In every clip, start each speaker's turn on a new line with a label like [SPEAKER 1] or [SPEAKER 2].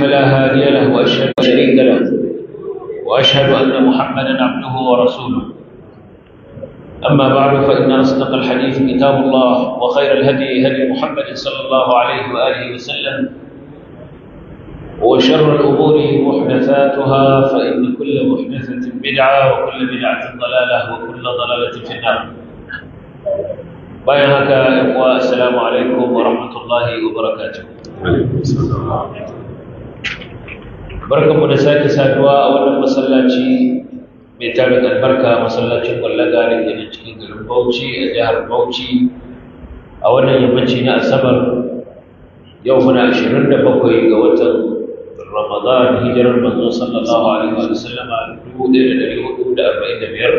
[SPEAKER 1] فلا هادي له واشهد ان شريك له واشهد ان محمدا عبده ورسوله اما بعد فان اصدق الحديث كتاب الله وخير الهدي هدي محمد صلى الله عليه واله وسلم وشر الامور محدثاتها فان كل محدثه بدعه وكل بدعه ضلاله وكل ضلاله في النار bayan haka عليكم ورحمه الله وبركاته وعليكم
[SPEAKER 2] السلام wa barakatuh
[SPEAKER 1] barkanku da sake saduwa a wannan masallaci mai da albarka masallacin kwallaga da ke cikin garin bauchi a jihar bauchi a wannan yammaci na asabar yau muna 27 da bakwai ga watan ramadan hijirar manzo sallallahu alaihi wa sallama dubu ɗaya da ɗari da arba'in da biyar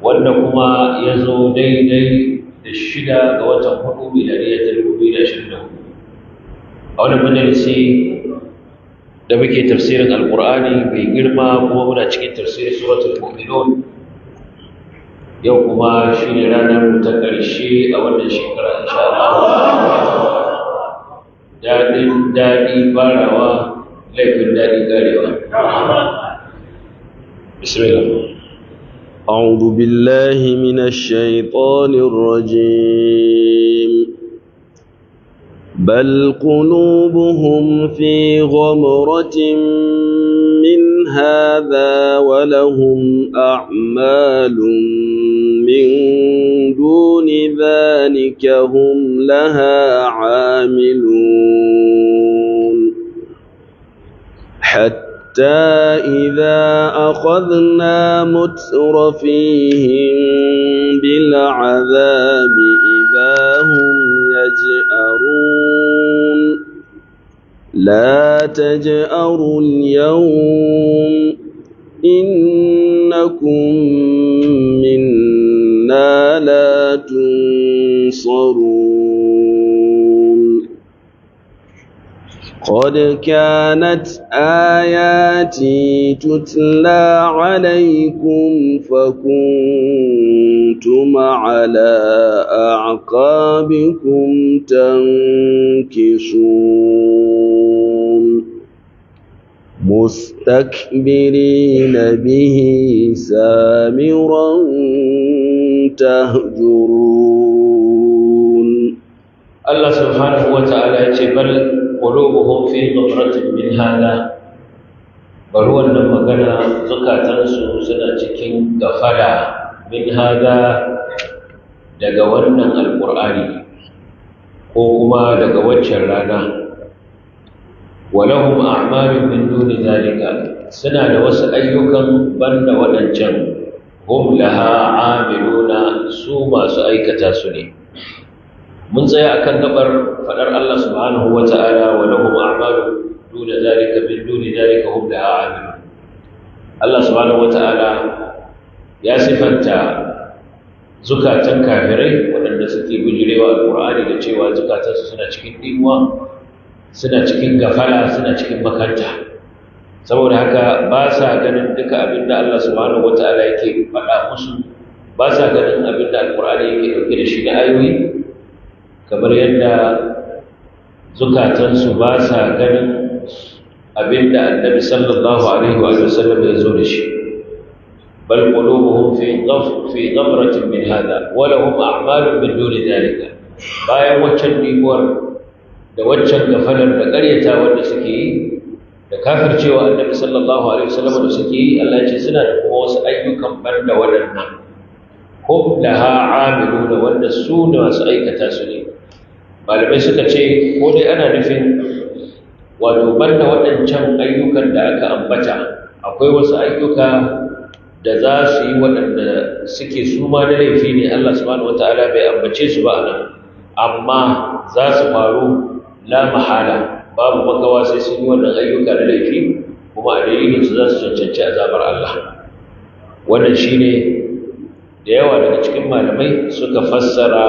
[SPEAKER 1] wanda kuma ya zo daidai da shida ga watan hudu miladiyya ta dubu biyu da ashirin da hudu a wannan majalisi da muke tafsirin alkur'ani mai girma kuma muna cikin tafsirin suratul mu'minun yau kuma shi ne ranar ta ƙarshe a wannan shekara insha Allah daɗin daɗi farawa
[SPEAKER 3] laifin daɗi ƙarewa bismillah أعوذ بالله من الشيطان الرجيم بل قلوبهم في غمرة من هذا ولهم أعمال من دون ذلك هم لها عاملون حتى إذا أخذنا مترفيهم بالعذاب لا تجأروا اليوم إنكم منا لا تنصرون قد كانت آياتي تتلى عليكم فكنتم على أعقابكم تنكصون مستكبرين به سامرا تهجرون الله سبحانه وتعالى بل qulubuhum fi nufratin
[SPEAKER 1] min hada bari wannan magana zukatansu suna cikin gafara min hada daga wannan alqur'ani ko kuma daga waccan rana walahum a'malun min duni zalika suna da wasu ayyukan banda waɗancan hum laha su masu aikata su ne mun tsaya a kan gabar faɗar Allah subhanahu wa ta'ala wa lahum a'malu duna zalika min duni zalika hum laha amilun Allah subhanahu wa ta'ala ya sifanta zukatan kafirai waɗanda suke bijirewa alqur'ani da cewa zukatan suna cikin dimuwa suna cikin gafara, suna cikin makanta saboda haka ba sa ganin duka abin da Allah subhanahu wa ta'ala yake faɗa musu ba sa ganin abin da alqur'ani yake dauke da shi da ayoyi kamar yadda zukatansu ba sa ganin abin da annabi sallallahu alaihi wa sallam ya zo da shi bal qulubuhum fi ghaf fi ghamratin min hada wa lahum a'malun min duni dhalika bayan waccan dimuwar da waccan gafalar da ƙaryata wanda suke yi da kafircewa annabi sallallahu alaihi wa sallam da suke yi Allah ya ce suna da kuma wasu ayyukan bar da waɗannan hum laha amiluna wanda su ne masu aikata su ne malamai suka ce ko dai ana nufin wato banda waɗancan ayyukan da aka ambata akwai wasu ayyuka da za su yi waɗanda suke suma ma na laifi ne Allah subhanahu ta'ala bai ambace su ba nan amma za su faru la mahala babu makawa sai sun yi wannan ayyuka na laifi kuma a dalilin su za su cancanci azabar Allah wannan shine da yawa daga cikin malamai suka fassara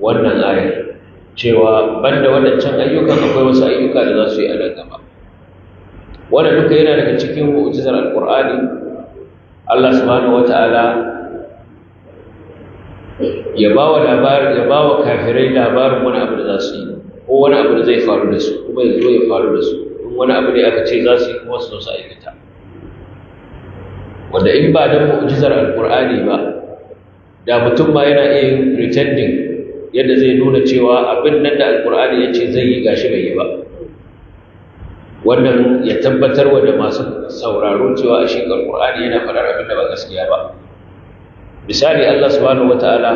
[SPEAKER 1] wannan ayar cewa banda waɗancan ayyukan akwai wasu ayyuka da za su yi a nan gaba wanda duka yana daga cikin mu'jizar alqur'ani Allah subhanahu wata'ala ya ba wa labar ya ba wa kafirai labarin wani abu da za su yi ko wani abu da zai faru da su kuma ya zo ya faru da su in wani abu ne aka ce za su yi kuma su su aikata wanda in ba don mu'jizar alqur'ani ba da mutum ma yana iya yin pretending yadda zai nuna cewa abin nan da alkur'ani ya ce zai yi gashi bai yi ba wannan ya tabbatar wa da masu sauraro cewa a shi alkur'ani yana faɗar abin da ba gaskiya ba misali allah subhanahu wataala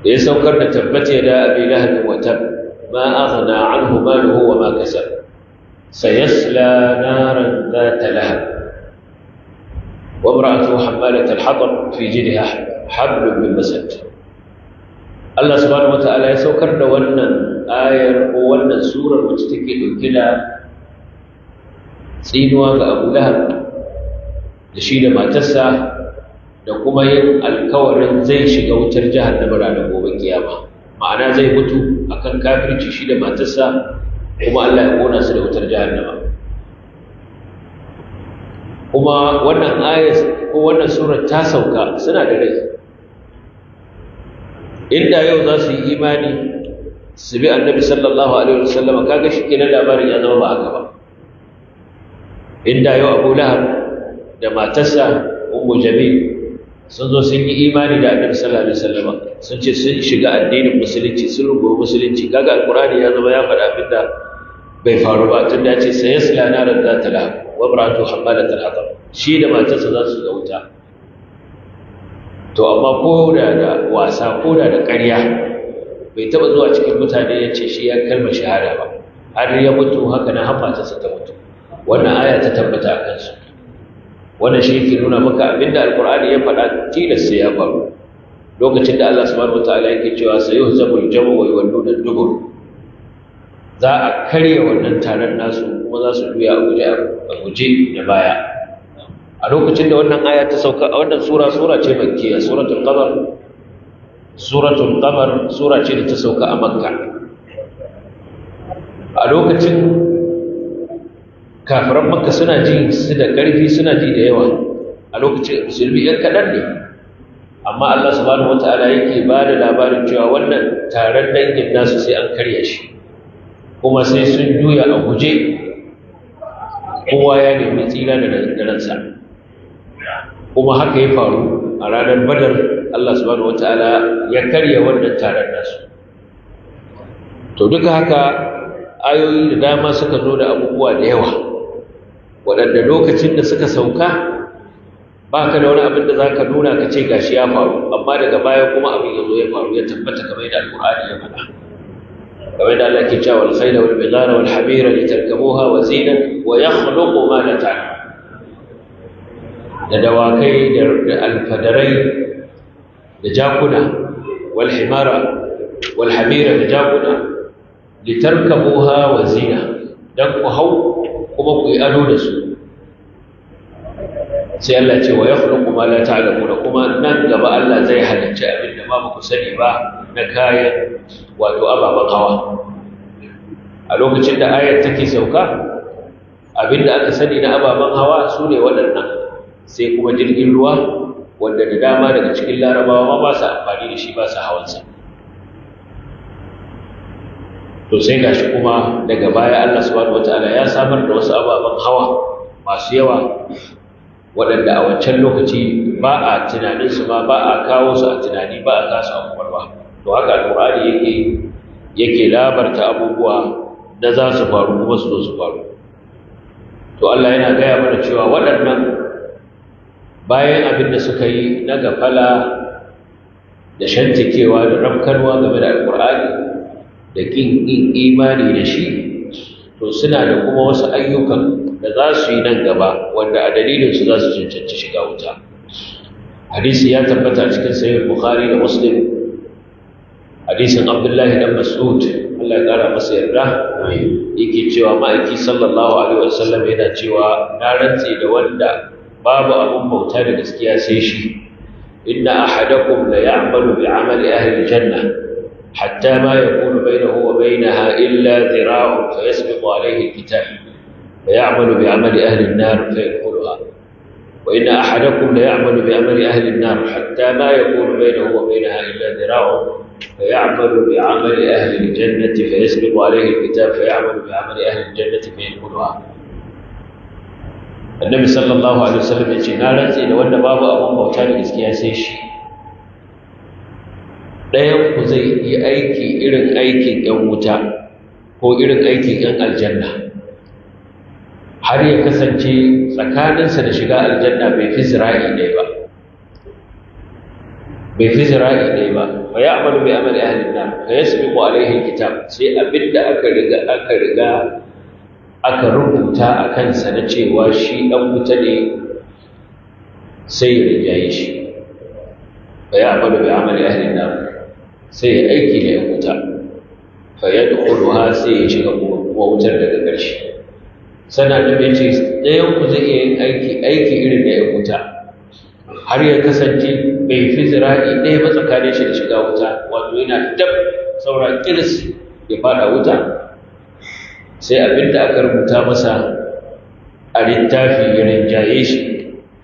[SPEAKER 1] da ya saukar da tabbata da abi lahabin watan ma aghna anhu maluhu wa ma kasab sayasla naran dhata lahab imra'atu hamalat alhatab fi jidha حبل من مسد Allah subhanahu wata'ala ya saukar da wannan ayar ko wannan surar wacce take dauke da tsinuwa ga Abu Lahab da shi da matarsa da kuma yin alkawarin zai shiga wutar jahannama da gobe kiyama ma'ana zai mutu akan kafirci shi da matarsa kuma Allah ya kona su da wutar jahannama kuma wannan ayar ko wannan surar ta sauka suna da rai inda yau za su yi imani su bi annabi sallallahu alaihi wasallam kaga shi kenan labarin ya zama ba haka ba inda yau Abu Lahab da matarsa Ummu Jamil sun zo sun yi imani da annabi sallallahu alaihi wasallam sun ce sun shiga addinin musulunci sun rubo musulunci kaga alqur'ani ya zama ya faɗa abinda bai faru ba tun da ya ce sayasla naran zata lahab wa imratu hammalatal hatab shi da matarsa za su ga wuta to amma ko da da wasa ko da da ƙarya bai taba zuwa cikin mutane ya ce shi ya kalmar shahada ba har ya mutu haka na hafa ta mutu wannan aya ta tabbata a kansu wannan shi yake nuna maka abinda alkur'ani ya faɗa tilas sai ya faru lokacin da Allah subhanahu wataala yake cewa sayuhzabul jam'u wa yuwalluna dubur za a karya wannan taron nasu kuma za su juya a guje a guje da baya a lokacin da wannan aya ta sauka a wannan sura sura ce makkiya suratul qamar suratul qamar sura ce da ta sauka a makka a lokacin kafiran makka suna ji su da ƙarfi suna ji da yawa a lokacin musulmi yan kaɗan ne amma Allah subhanahu wata'ala yake ba da labarin cewa wannan taron dangin nasu sai an karya shi kuma sai sun juya a guje kowa ya nemi tsira da ransa kuma haka ya faru a ranar badar Allah subhanahu wataala ya karya wannan taron nasu to duka haka ayoyi da dama suka zo da abubuwa da yawa waɗanda lokacin da suka sauka ba ka da wani abin da za ka nuna ka ce gashi ya faru amma daga baya kuma abin ya zo ya faru ya tabbata kamar yadda alƙur'ani ya faɗa kamar yadda Allah ke cewa wal khayla wal bidara wal hamira litarkabuha wa zina wa yakhluqu ma la ta'lamun da dawakai da alfadarai da jakuna wal himara da jakuna litarkabuha wa zina dan ku hau kuma ku yi ado da su sai Allah ce wa yakhluqu ma la ta'lamuna kuma nan gaba Allah zai halicci abin da ba ku sani ba na kayan wato ababen hawa a lokacin da ayar take sauka abin da aka sani na ababen hawa su ne waɗannan sai kuma jirgin ruwa wanda da dama daga cikin larabawa ba su amfani da shi ba su hawansa to sai gashi kuma daga baya Allah subhanahu wataala ya samar da wasu ababen hawa masu yawa waɗanda a wancan lokaci ba a tunaninsu, ma ba a kawo su a tunani ba a kasu a kwakwalwa to haka alƙur'ani yake yake labarta abubuwa da za su faru kuma su zo su faru to Allah yana gaya mana cewa waɗannan bayan abin da suka yi na gafala da shantakewa da rafkarwa game da alkur'ani da ƙin imani da shi to suna da kuma wasu ayyukan da za su yi nan gaba wanda a dalilinsu za su cancanci shiga wuta hadisi ya tabbata cikin sayar bukhari da muslim hadisin abdullahi dan mas'ud Allah ya kara masa yarda yake cewa ma'aiki sallallahu alaihi wasallam yana cewa na rantse da wanda babu abun bauta da gaskiya sai shi inna ahadakum la ya'malu bi amali ahli janna hatta ma yakunu bainahu wa bainaha illa zira'un fa yasbiqu alayhi alkitab fa ya'malu bi amali ahli an-nar fa yadkhuluha
[SPEAKER 4] wa inna ahadakum la ya'malu bi amali ahli an-nar
[SPEAKER 1] hatta ma yakunu bainahu wa bainaha illa fa ya'malu bi amali ahli zira'un فيعمل بعمل أهل الجنة فيسبق عليه الكتاب فيعمل بعمل أهل fa فيدخلها annabi sallallahu alaihi wasallam ya ce na rantse da wanda babu abun bauta da gaskiya sai shi ɗayan ku zai yi aiki irin aikin ƴan wuta ko irin aikin ƴan aljanna har ya kasance tsakaninsa da shiga aljanna bai fi zira'i ɗaya ba
[SPEAKER 4] bai fi zira'i ɗaya
[SPEAKER 1] ba fa ya amalu bi amali ahlin nar fa yasbiqu alaihi kitab sai abinda aka riga aka riga aka rubuta a kansa na cewa shi ɗan wuta ne sai ya yi shi fa ya da bai amali hannun nar sai ya aiki da yan wuta fa ya dukhuluha sai ya shiga kuma wutar daga ƙarshe sana da ya ce ɗayan ku zai iya yin aiki aiki irin da yan wuta har ya kasance bai fi zira'i ɗaya ba tsakanin shi da shiga wuta wato yana dab saura kiris ya fada wuta sai abin da aka rubuta masa a littafi ya rinjaye shi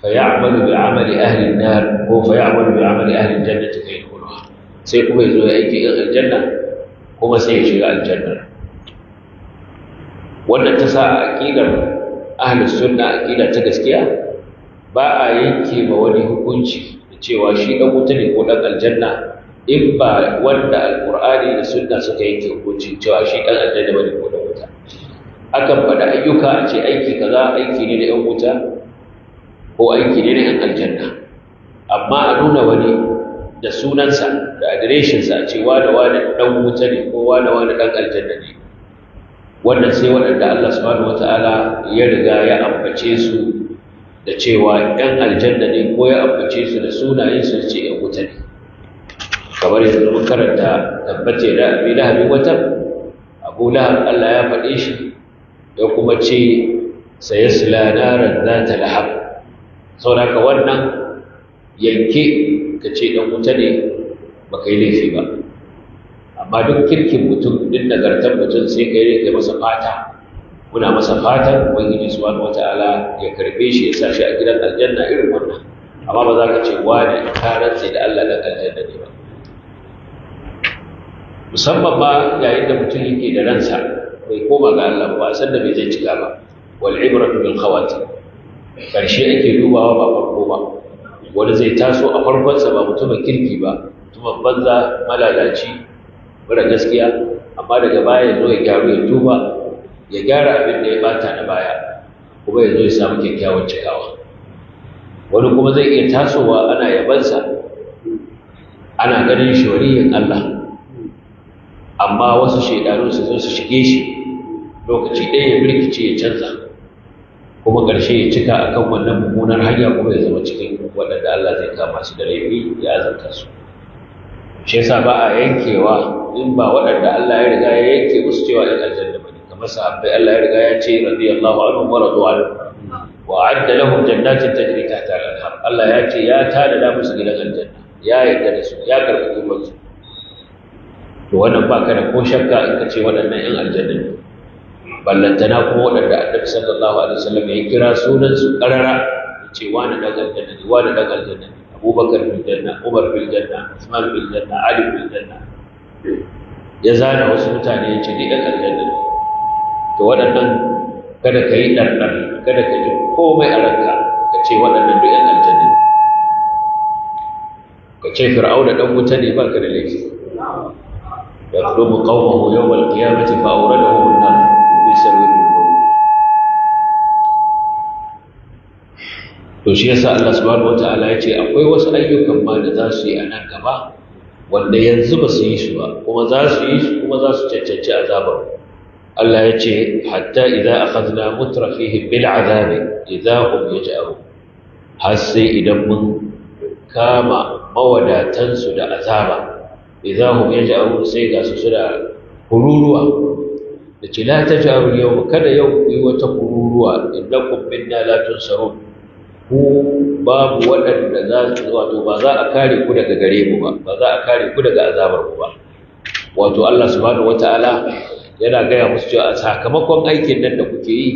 [SPEAKER 1] fa amalu bi amali ahli nar ko fa amalu bi amali ahli al-jannati kai yadkhuluha sai kuma yazo ya aiki ga aljanna kuma sai ya shiga aljanna wannan ta sa aqidar ahli sunna aqida ta gaskiya ba a yanke ma wani hukunci da cewa shi dan wuta ne ko dan aljanna in ba wanda alqur'ani da sunna suka yanke hukunci cewa shi dan aljanna ne ko dan wuta akan faɗa ayyuka a ce aiki kaza aiki ne da 'yan wuta ko aiki ne da 'yan aljanna amma a nuna wani da sunansa da adireshinsa a ce wa da ɗan wuta ne ko wa da ɗan aljanna ne wannan sai waɗanda Allah subhanahu wata'ala ya riga ya ambace su da cewa 'yan aljanna ne ko ya ambace su da sunayensu ce 'yan wuta ne kamar yanzu mun karanta tabbace da da lahabin wata abu lahab Allah ya faɗe shi ya kuma ce sayasla naran zata lahab saboda wannan yanke ka ce dan wuta ne ka yi laifi ba amma duk kirkin mutum duk nagartar mutum sai ka yi masa fata muna masa fatan ubangiji subhanahu wataala ya karbe shi ya sa shi a gidan aljanna irin wannan amma ba za ka ce wani ka rantse da Allah dan aljanna ne ba musamman ma yayin da mutum yake da ransa bai koma ga Allah ba san da bai zai cika ba wal ibratu bil khawati karshe ake dubawa ba farko ba wani zai taso a farkon sa ba mutumin kirki ba mutumin banza malalaci bara gaskiya amma daga baya ya zo ya gyaru ya tuba ya gyara abin da ya bata na baya kuma ya ya samu kyakkyawan cikawa wani kuma zai iya tasowa ana yabansa ana ganin shawariyin Allah amma wasu shaidanu su zo su shige shi lokaci ɗaya ya birkice ya canza kuma ƙarshe ya cika a kan wannan mummunar hanya kuma ya zama cikin waɗanda Allah zai kama su da laifi ya azanta su shi yasa ba a yankewa in ba waɗanda Allah ya riga ya yanke musu cewa in aljanna bane kamar sahabbai Allah ya riga ya ce radiyallahu anhu wa radu anhu wa adda lahum jannatin tajri tahta al-anhar Allah ya ce ya tada da musu gidan aljanna ya yarda da su ya karɓi su to wannan ba ka da ko shakka in ka ce waɗannan 'yan aljanna ne ballantana kuma waɗanda annabi sallallahu alaihi wasallam ya kira sunan su karara ya ce wani daga aljanna ne wani dan aljanna ne abubakar bin janna umar bin janna usman bin janna ali bin janna ya zana wasu mutane ya ce ni dan aljanna ne to waɗannan kada ka yi ɗanɗan kada ka ji komai a ranka ka ce waɗannan duk yan aljanna ne ka ce fir'auna dan wuta ne ba ka da laifi يطلب قومه يوم القيامة فأوردهم النار to shi yasa Allah subhanahu wataala ya ce akwai wasu ayyukan ma da za su yi a nan gaba wanda yanzu ba su yi su ba kuma za su yi su kuma za su cancanci azabar Allah ya ce hatta idza akhadna mutrafihim bil azabi idza hum yaj'aru har sai idan mun kama mawadatansu da azaba idza hum yaj'aru sai ga su suna kururuwa da ce la ta yau kada yau ku yi wata kururuwa inda kumbin na latun ku babu waɗanda za su wato ba za a kare ku daga gare mu ba ba za a kare ku daga azabar mu ba wato Allah subhanahu wataala yana gaya musu cewa sakamakon aikin nan da kuke yi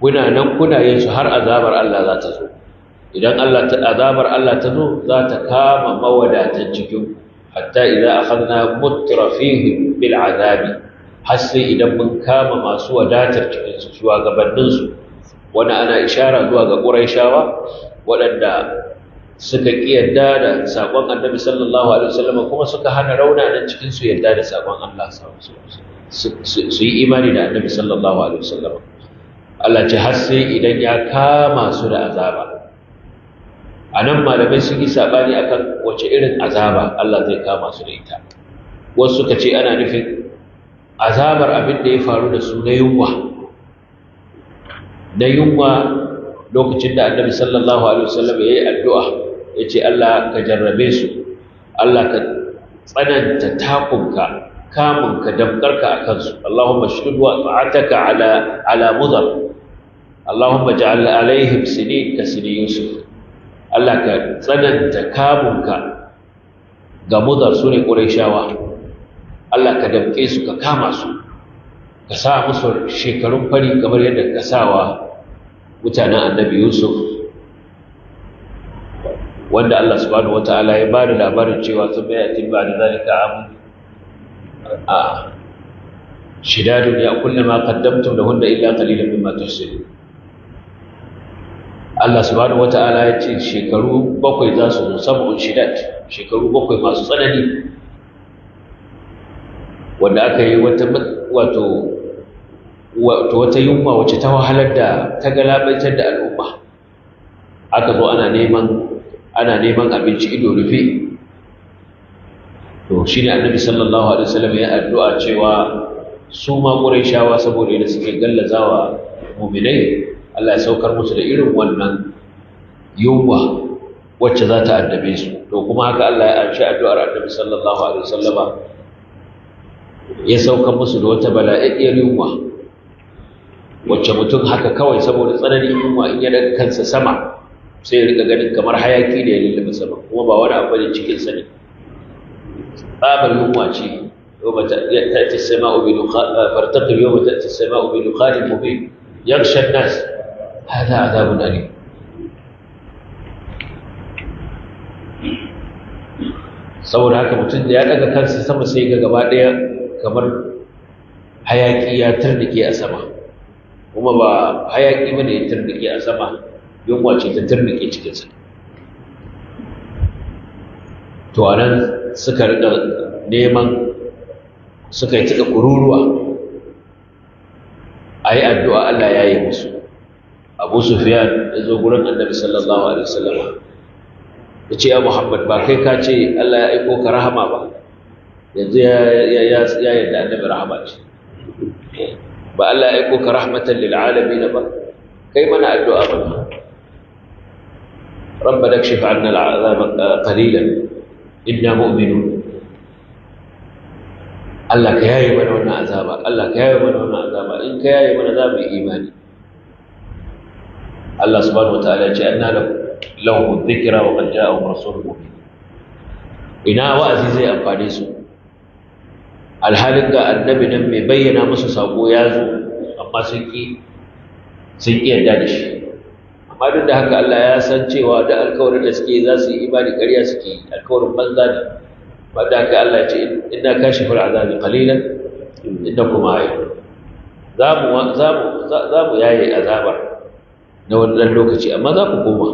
[SPEAKER 1] kuna nan kuna yin su har azabar Allah za ta zo idan Allah ta azabar Allah ta zo za ta kama mawadatan cikin hatta idza akhadna mutrafihim bil azabi har sai idan mun kama masu wadatar cikin su gabanin su wani ana ishara zuwa ga ƙuraishawa waɗanda suka yarda da sakon annabi sallallahu alaihi wasallam kuma suka hana nan cikin su yarda da sakon Allah su yi imani da annabi sallallahu alaihi wasallam Allah ce har sai idan ya kama su da azaba anan malamai sun yi sabani akan wace irin azaba Allah zai kama su da ita wasu suka ce ana nufin azabar abin da ya faru da su na yunwa na yunwa lokacin da annabi sallallahu alaihi wasallam ya yi addu'a yace ce Allah ka jarrabe su Allah ka tsananta takunka kamunka damkarka a kansu Allahumma shudud wa ta'ataka ala ala mudhar Allahumma ja'al alaihim sinin ka sini Yusuf Allah ka tsananta kamunka ga mudhar sune quraishawa Allah ka damke su ka kama su ka sa musu shekarun fari kamar yadda ka sawa mutanen annabi yusuf wanda Allah subhanahu wataala ya ba da labarin cewa sun bai yatin ba da zalika amu a shidadun ya kulle ma da hunda illa qalilan mimma tusir Allah subhanahu wataala ya ce shekaru bakwai za su zo sabu shidad shekaru bakwai masu tsanani wanda aka yi wata wato wata yunwa wacce ta wahalar da ta galabaitar da al'umma aka zo ana neman abinci ido rufe to shi ne annabi sallallahu alaihi wasallam ya addu'a cewa su ma shawa saboda yadda suke gallazawa mu'minai Allah ya saukar musu da irin wannan yunwa wacce za ta addabe su to kuma haka Allah ya anshi addu'ar annabi sallallahu alaihi wasallama ya saukar musu da wata bala'iyar yunwa wacce mutum haka kawai saboda tsananin yunwa in ya daga kansa sama sai ya rika ganin kamar hayaki da ya lullube sama kuma ba wani abu ne cikin sa ne tsabar yunwa ce yawma ta'ti as-sama'u bi dukhan fartaqib yawma ta'ti as-sama'u bi dukhan mubin yaghsha an-nas hadha 'adhabun alim saboda haka mutum da ya daga kansa sama sai ga gaba ɗaya kamar hayaki ya turnike a sama kuma ba hayaki ba ya turnike a sama yunwa ce ta turnike cikinsa to a suka riƙa neman suka yi cika kururuwa a yi addu'a Allah ya yi musu abu sufiyan ya zo gurin annabi sallallahu alaihi wasallam ya ce ya muhammad ba kai ka ce Allah ya aiko ka rahama ba yanzu ya da annabi rahama ce ba Allah ya aiko rahmatan lil alamin ba kai mana addu'a ba rabbana kashif 'anna al al'azab qalilan inna mu'minun Allah ka yayi mana wannan azaba Allah ka yayi mana wannan azaba in ka yayi mana azaba imani Allah subhanahu wa ta'ala ce anna lahu dhikra wa qad ja'a rasuluhu ina wa'azi zai amfane su alhalin ga annabi nan mai bayyana musu sako ya zo amma sun ki sun ki yarda da shi amma duk da haka Allah ya san cewa da alkawarin da suke za su yi imani ƙarya suke yi alkawarin banza ne ba da haka Allah ya ce inna kashifal azabi qalilan innakum ayyun za mu za mu za mu yaye azabar na wannan lokaci amma za ku koma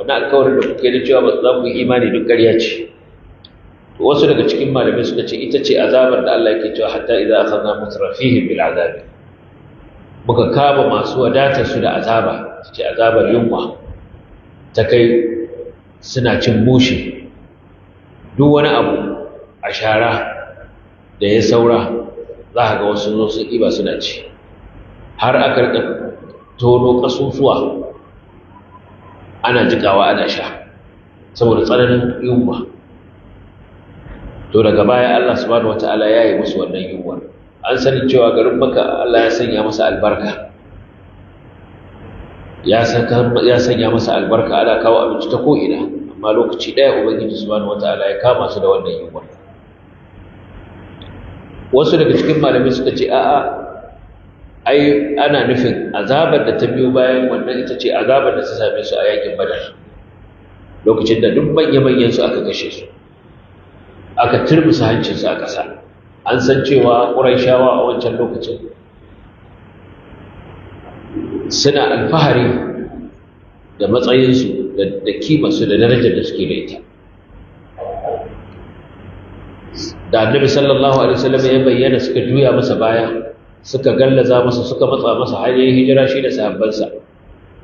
[SPEAKER 1] wannan alkawarin da kuke da cewa ba za ku yi imani duk ƙarya ce wasu daga cikin malamai suka ce ita ce azabar da Allah yake cewa hatta idza akhadna mutrafihim bil azabi muka kaba masu wadatar su da azaba ce azabar yunwa ta kai suna cin mushi duk wani abu a shara da ya saura za ka ga wasu zo sun ɗiba suna ci har aka rika tono ƙasusuwa ana jikawa ana sha saboda tsananin yunwa to daga baya Allah subhanahu wataala ya yi musu wannan yunwar an sani cewa garin maka Allah ya sanya masa albarka ya sanya masa albarka ana kawo abinci ta ko'ina amma lokaci ɗaya ubangiji subhanahu wataala ya kama su da wannan yunwar wasu daga cikin malamai suka ce a'a ai ana nufin azabar da ta biyo bayan wannan ita ce azabar da ta same su a yakin badar lokacin da duk manya-manyan su aka kashe su aka turbusa hancinsu a ƙasa an san cewa ƙuraishawa a wancan lokacin suna alfahari da matsayinsu da kimarsu da darajar da suke da ita da annabi sallallahu alaihi wasallam ya bayyana suka juya masa baya suka gallaza masa suka matsa masa hanyar hijira shi da sahabbansa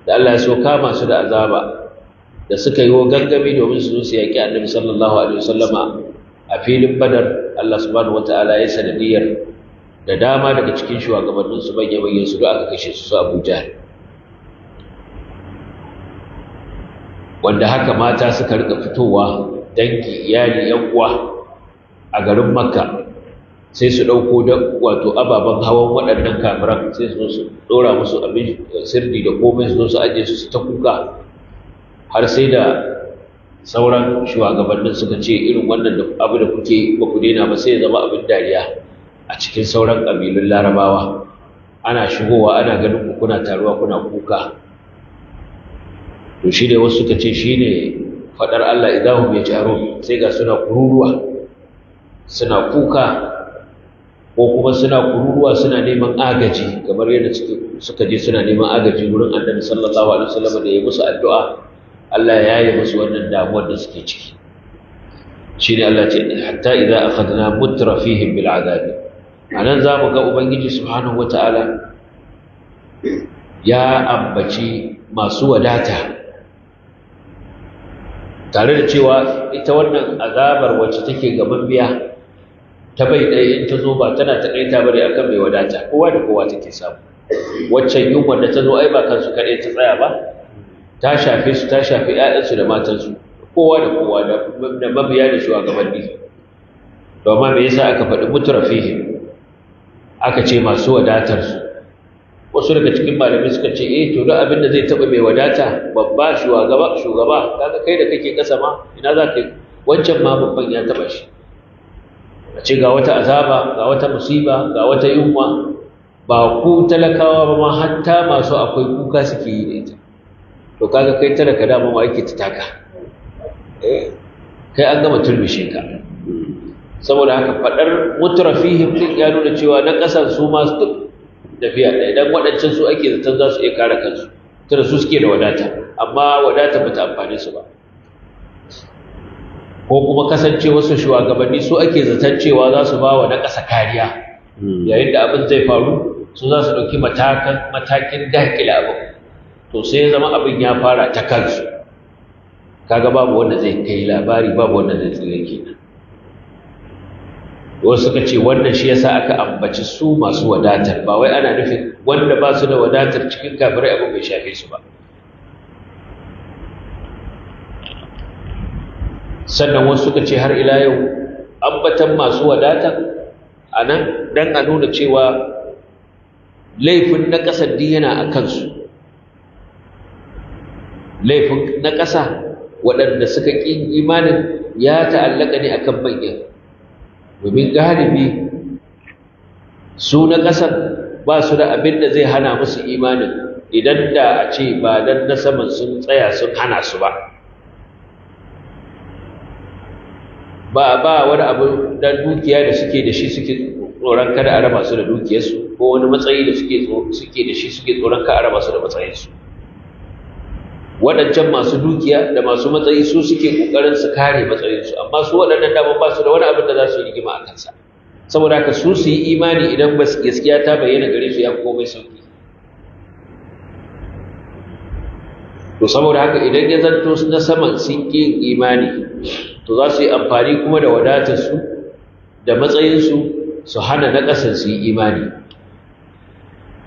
[SPEAKER 1] da Allah ya so kama su da azaba da suka yi wa gangami domin su zo su yaƙi annabi sallallahu alaihi wasallama a filin badar Allah subhanahu wata'ala ya sanadiyar da dama daga cikin shugabannin su bayyana su da aka kashe su su Abu wanda haka mata suka rika fitowa dangi iyali yan uwa a garin Makka sai su dauko da wato ababen hawan waɗannan kamaran sai su su dora musu abin sirri da komai su su aje su ta kuka har sai da sauran shugabannin suka ce irin wannan abu da kuke ba ku daina ba sai ya zama abin dariya a cikin sauran ƙabilun larabawa ana shigowa ana ganin ku kuna taruwa kuna kuka to shi ne wasu suka ce shi ne faɗar Allah idan hum yaj'arun sai ga suna kururuwa suna kuka ko kuma suna kururuwa suna neman agaji kamar yadda suka je suna neman agaji wurin Annabi sallallahu alaihi wasallam da ya musu addu'a Allah ya yi musu wannan damuwar da suke ciki shi ne Allah ce hatta idza akhadna mutrafihim bil azabi anan za mu ga ubangiji subhanahu wataala ya ambaci masu wadata tare da cewa ita wannan azabar wacce take gaban biya ta bai ɗaya in ta zo ba tana taƙaita ba ne akan mai wadata kowa da kowa take samu waccan yunwa da ta zo ai ba kansu kaɗai ta tsaya ba ta shafe su ta shafe 'ya'yansu da matansu kowa da kowa da mabiya da gaban to amma me yasa aka faɗi mutrafihim aka ce masu wadatar su wasu daga cikin malami suka ce eh to duk abin da zai taba mai wadata babba shugaba shugaba kaga kai da kake kasa ma ina za ka wancan ma babban ya taba shi a ce ga wata azaba ga wata musiba ga wata yunwa ba ku talakawa ba ma hatta masu akwai kuka suke yi da ita to kaga kai ka dama ma ake ta taka eh, kai an gama turbishe ka saboda haka faɗar mutura fihim din ya nuna cewa na kasar su ma su tafiya ɗaya idan waɗancan su ake zaton za su iya kare kansu tunda su suke da wadata amma wadata ba ta amfane su ba ko kuma kasance wasu shugabanni su ake zaton cewa za su ba wa na ƙasa kariya hmm. yayin da abin zai faru su za su ɗauki matakin dakila abin to sai ya zama abin ya fara ta kansu kaga babu wanda zai kai labari babu wanda zai tsira kenan wasu suka ce wannan shi yasa aka ambaci su masu wadatar ba wai ana nufin wanda ba su da wadatar cikin kafirai abin bai shafe su ba sannan wasu suka ce har ila yau ambatan masu wadata a nan don a nuna cewa laifin na ƙasar yana a kansu laifin na ƙasa waɗanda suka ƙi imanin ya ta'allaka ne akan manyan domin galibi su na ƙasar ba su da abin da zai hana musu imanin idan da a ce ba don na saman sun tsaya sun hana su ba ba ba wani abu don dukiya da suke da shi suke tsoron kada a raba su da dukiyarsu ko wani matsayi da suke suke da shi suke tsoron kada a raba su da matsayinsu waɗancan masu dukiya da masu matsayi su suke ƙoƙarin su kare matsayinsu amma su waɗannan dama ba su da wani abin da za su yi rigima a kansa saboda haka su su yi imani idan ba gaskiya ta bayyana gare su ya komai sauki to saboda haka idan ya zanto na saman sun ƙi imani to za su yi amfani kuma da wadatarsu da matsayinsu su hana na ƙasan su yi imani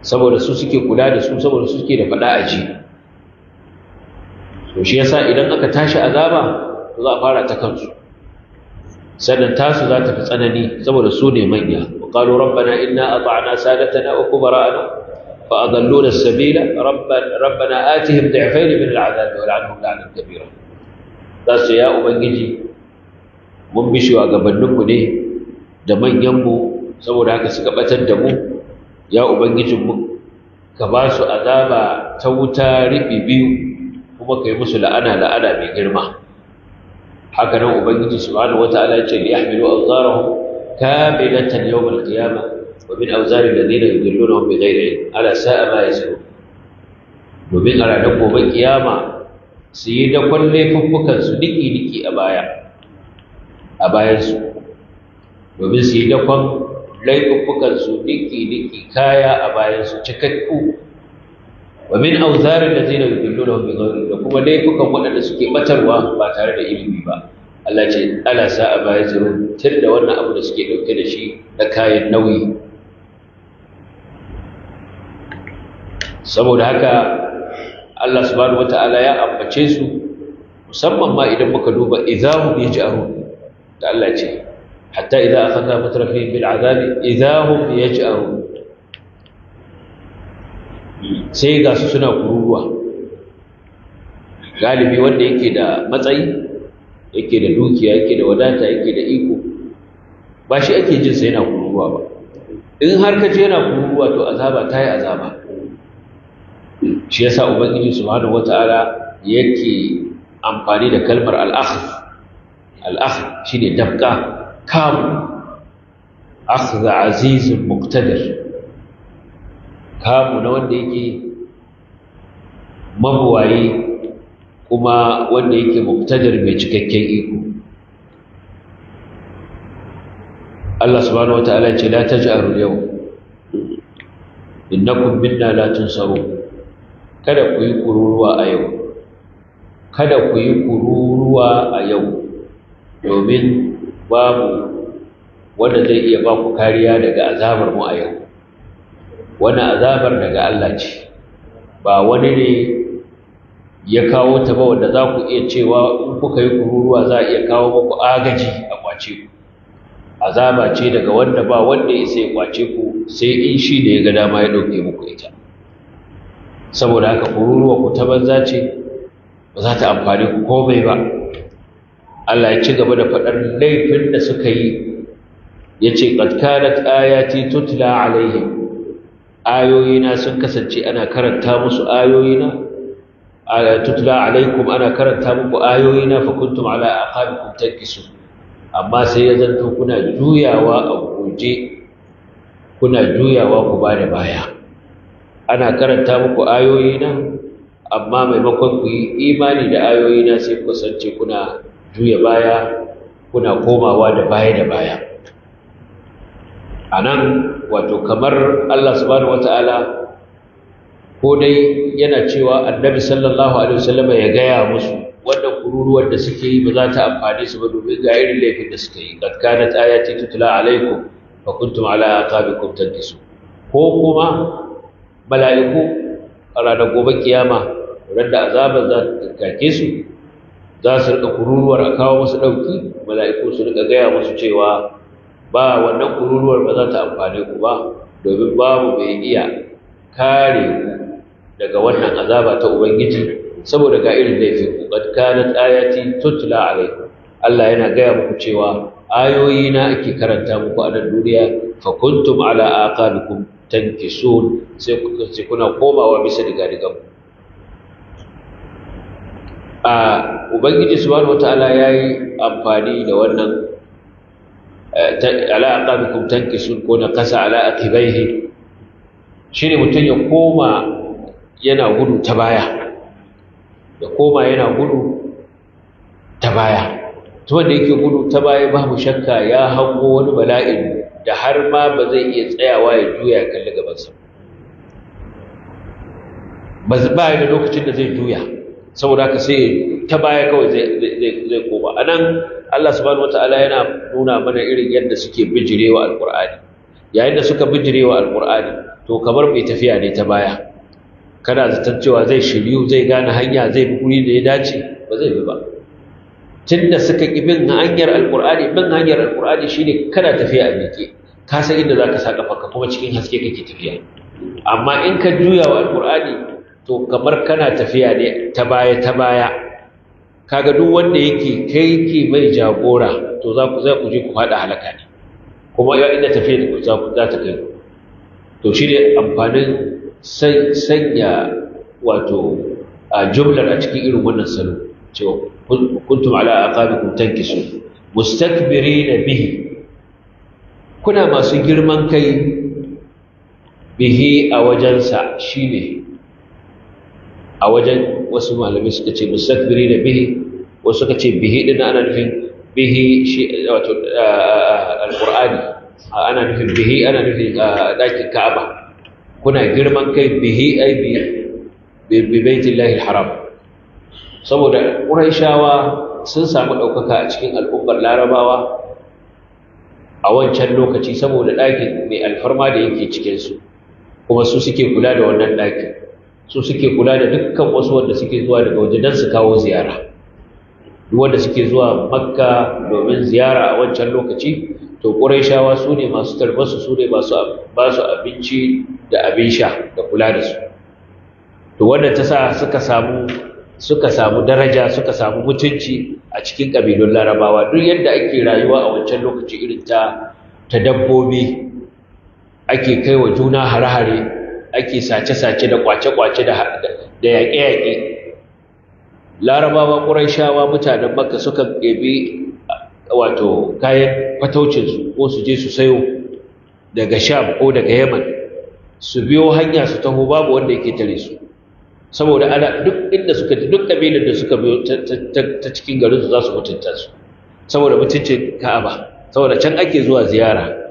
[SPEAKER 1] saboda su suke kula da su saboda su suke da faɗa a ji to shi yasa idan aka tashi azaba to za a fara ta kansu sannan tasu za ta fi tsanani saboda su ne manya wa qalu rabbana inna ata'na sadatana wa kubara'ana fa adalluna as-sabila rabbana rabbana atihim du'afayn min al-'adab wa la'anhum la'anan kabira za su ya ubangiji mun bi shugabanninmu ne da manyan mu saboda haka suka batar da mu ya mu, ka ba su azaba ta wuta riɓi biyu kuma kai musu la'ana la'ana mai girma haka nan ubangiji subhanahu wata'ala ya ce li yahmilu awzarahum kamilatan yawm al-qiyamah wa min awzari alladhina yudillunahum bighayri ilm ala sa'a ma yasirun domin a ranar gobe kiyama su yi dakon laifuffukan su diki diki a baya a bayan su domin su yi dakon laifuffukan su diki diki kaya a bayan su cikakku wa min auzarin da zai da yudilluna bi ghayri da kuma dai kukan waɗanda suke matarwa ba tare da ilimi ba Allah ce ala sa'a ba tun da wannan abu da suke dauke da shi na kayan nauyi saboda haka Allah subhanahu wata'ala ya ambace su musamman ma idan muka duba idahum yaj'arun da Allah ce hatta idza akhadna mutrafi bil azabi idahum yaj'arun sai ga su suna kururuwa galibi wanda yake da matsayi yake da dukiya yake da wadata yake da iko ba shi ake jin sai yana kururuwa ba in har kace ce yana kururuwa to azaba ta yi azaba shi yasa ubangiji subhanahu wataala yake amfani da kalmar al'akhf shi shine dabka kamu akhza azizun muqtadir kamu na wanda yake mabuwaye kuma wanda yake muktadir mai cikakken iko Allah subhanahu wataala ce la taj'alu yau innakum minna la tunsaru kada ku yi kururuwa a yau kada ku yi kururuwa a yau domin babu wanda zai iya ba ku kariya daga azabar mu a yau Wani azabar daga Allah ce ba wani ne ya kawo ta ba wanda za ku iya cewa in kuka yi kururuwa za a iya kawo muku agaji a kwace ku azaba ce daga wanda ba wanda ya sai kwace ku sai in shi da ya ga dama ya ɗauke muku ita saboda haka kururuwa ku ta banza ce ba za ta amfani ku komai ba Allah ya ci gaba da faɗar laifin da suka yi ya ce ƙad ayati tutla alaihim ayoyina sun kasance ana karanta musu ayoyina tutla alaikum ana karanta muku ayoyina fa kuntum ala aqabikum takisu amma sai ya zanto kuna juyawa a guje kuna juyawa ku bada baya ana karanta muku ayoyina amma maimakon ku yi imani da ayoyina sai ku kasance kuna juya baya kuna komawa da baya da baya a nan wato kamar Allah subhanahu wata'ala ko dai yana cewa annabi sallallahu alaihi wasallam ya gaya musu wanda kururuwar da suke yi ba za ta amfane su ba domin ga irin laifin da suka yi kad ya ayati tutla alaikum fa kuntum ala aqabikum tankisu ko kuma mala'iku a ranar gobe kiyama ranar azabar za ta kake su za su rika kururuwar a kawo musu dauki mala'iku su rika gaya musu cewa ba wannan kururuwar ba za ta amfane ku ba domin babu mai iya kare ku daga wannan azaba ta ubangiji saboda ga irin laifin ku kad kanat ayati tutla alaikum Allah yana gaya muku cewa ayoyi na ake karanta muku a nan duniya fa kuntum ala aqabikum tankisun sai kuna komawa bisa diga digan a ubangiji subhanahu wataala yayi amfani da wannan ala aqabikum tankisun ko na kasa ala aqibaihi shine mutun ya koma yana gudu ta baya ya koma yana gudu ta baya to wanda yake gudu ta baya babu shakka ya hango wani bala'in da har ma ba zai iya tsayawa ya juya kalli gabansa ba ba da lokacin da zai juya saboda ka sai ta baya kawai zai koma a nan allah subhanahu wata'ala yana nuna mana irin yadda suke bijirewa alkur'ani yayin da suka bijirewa alkur'ani to kamar mai tafiya ne ta baya kana zaton cewa zai shiryu zai gane hanya zai bi guri da ya dace ba zai bi ba tunda suka ƙi bin hanyar alkur'ani bin hanyar alkur'ani shine kana tafiya a miƙe ka san inda zaka sa kafa kuma cikin haske kake tafiya amma in ka juya wa alkur'ani to kamar kana tafiya ne ta baya ta baya kaga duk wanda yake kai yake mai jagora to za ku zai ku je ku fada halaka ne kuma ya inda tafiya da ku za ku za ta kai to shi ne amfanin sanya wato a jumlar a cikin irin wannan salo cewa kuntum ala aqabikum tankisu mustakbirina bihi kuna masu girman kai bihi a wajensa shine a wajen wasu malamai suka ce mustakbiri da bihi wasu suka ce bihi din ana nufin bihi shi wato alqur'ani ana nufin bihi ana nufin dakin ka'aba kuna girman kai bihi ai bi baitillahi alharam saboda quraishawa sun samu ɗaukaka a cikin al'ummar larabawa a wancan lokaci saboda ɗakin mai alfarma da yake cikinsu kuma su suke kula da wannan ɗakin su suke kula da dukkan wasu wanda suke zuwa daga waje don su kawo ziyara duk wanda suke zuwa makka domin ziyara a wancan lokaci to ƙuraishawa su ne masu tarbarsu su ne masu ba su abinci da abin sha da kula da su to wanda ta sa suka samu suka samu daraja suka samu mutunci a cikin ƙabilun larabawa duk yadda ake rayuwa a wancan lokaci irin ta ta dabbobi ake kai wa juna hare-hare ake sace-sace da kwace-kwace da yaƙe-yaƙe larabawa shawa mutanen makka suka ɗebi wato kayan fataucinsu ko su je su sayo daga sham ko daga yaman su biyo hanya su taho babu wanda yake tare su saboda ana duk inda suka duk ƙabilar da suka biyo ta cikin garinsu za su mutunta su saboda mutuncin ka'aba saboda can ake zuwa ziyara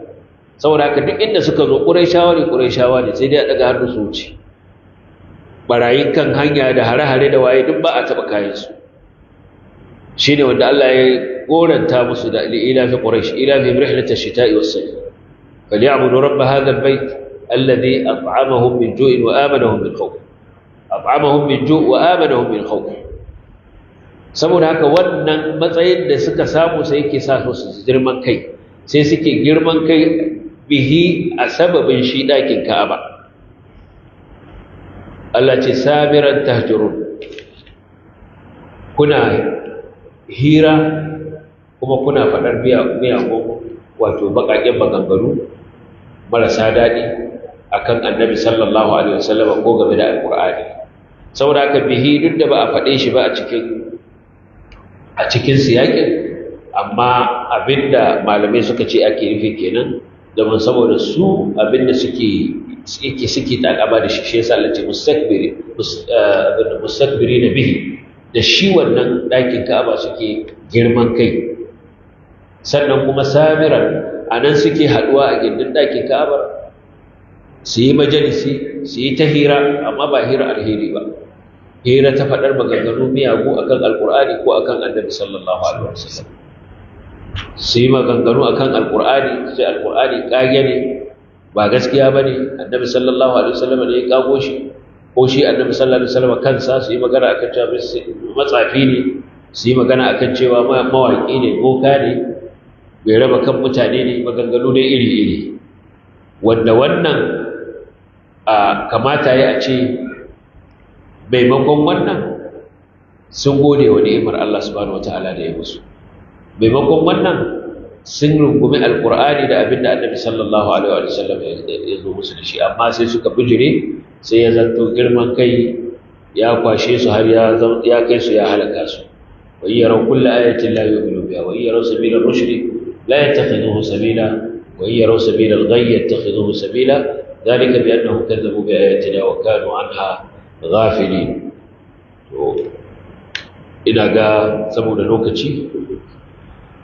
[SPEAKER 1] saboda haka duk inda suka zo ƙurai shawari, ƙurai shawari, sai dai a ɗaga hannu su wuce barayin kan hanya da hare-hare da waye duk ba a taɓa kayan su ne wanda Allah ya goranta musu da ila fi quraish ila fi rihlatish shita'i was-sayf falyabudu rabb hadha al-bayt alladhi at'amahum min ju'in wa amanahum min khawf at'amahum min ju' wa amanahum min khawf saboda haka wannan matsayin da suka samu sai yake sa su girman kai sai suke girman kai bihi a sababin shi ɗakin ka'aba Allah ce samiran kuna hira kuma kuna faɗar miyagun wato baƙaƙen maganganu marasa daɗi akan annabi sallallahu alaihi wasallam ko game da alƙur'ani saboda aka bihi duk da ba a faɗe shi ba a cikin a siyakin amma abinda malamai suka ce ake rufe kenan domin saboda su abinda suke suke suke takaba da shi shi yasa Allah ce musakbiri eh, na bihi da shi wannan ɗakin Ka'aba suke girman kai sannan kuma samiran anan suke haduwa a gindin ɗakin Ka'aba su yi majalisi su yi ta hira amma ba hira alheri ba hira ta faɗar maganganu miyagu akan alkur'ani ko akan annabi sallallahu alaihi wasallam su yi maganganu akan alkur'ani sai alkur'ani kage ne ba gaskiya ba ne annabi sallallahu alaihi wasallam ne ya kago shi ko shi annabi sallallahu alaihi wasallam kansa su yi magana akan cewa matsafi ne su yi magana akan cewa mawaƙi ne boka ne bai raba kan mutane ne maganganu ne iri-iri wanda wannan a kamata ya ce maimakon wannan sun gode wa ni'imar Allah subhanahu wataala da ya musu maimakon wannan sun rungumi alkur'ani da abinda da annabi sallallahu alaihi wa sallam ya zo musu da shi amma sai suka bijire sai ya zanto girman kai ya kwashe su har ya kai su ya halaka su wa yara kullu ayatin la yu'minu biha wa yara sabila rushd la yattakhidhuhu sabila wa yara sabila al-ghayy yattakhidhuhu sabila ذلك بأنهم كذبوا بآياتنا وكانوا عنها غافلين to ina ga saboda lokaci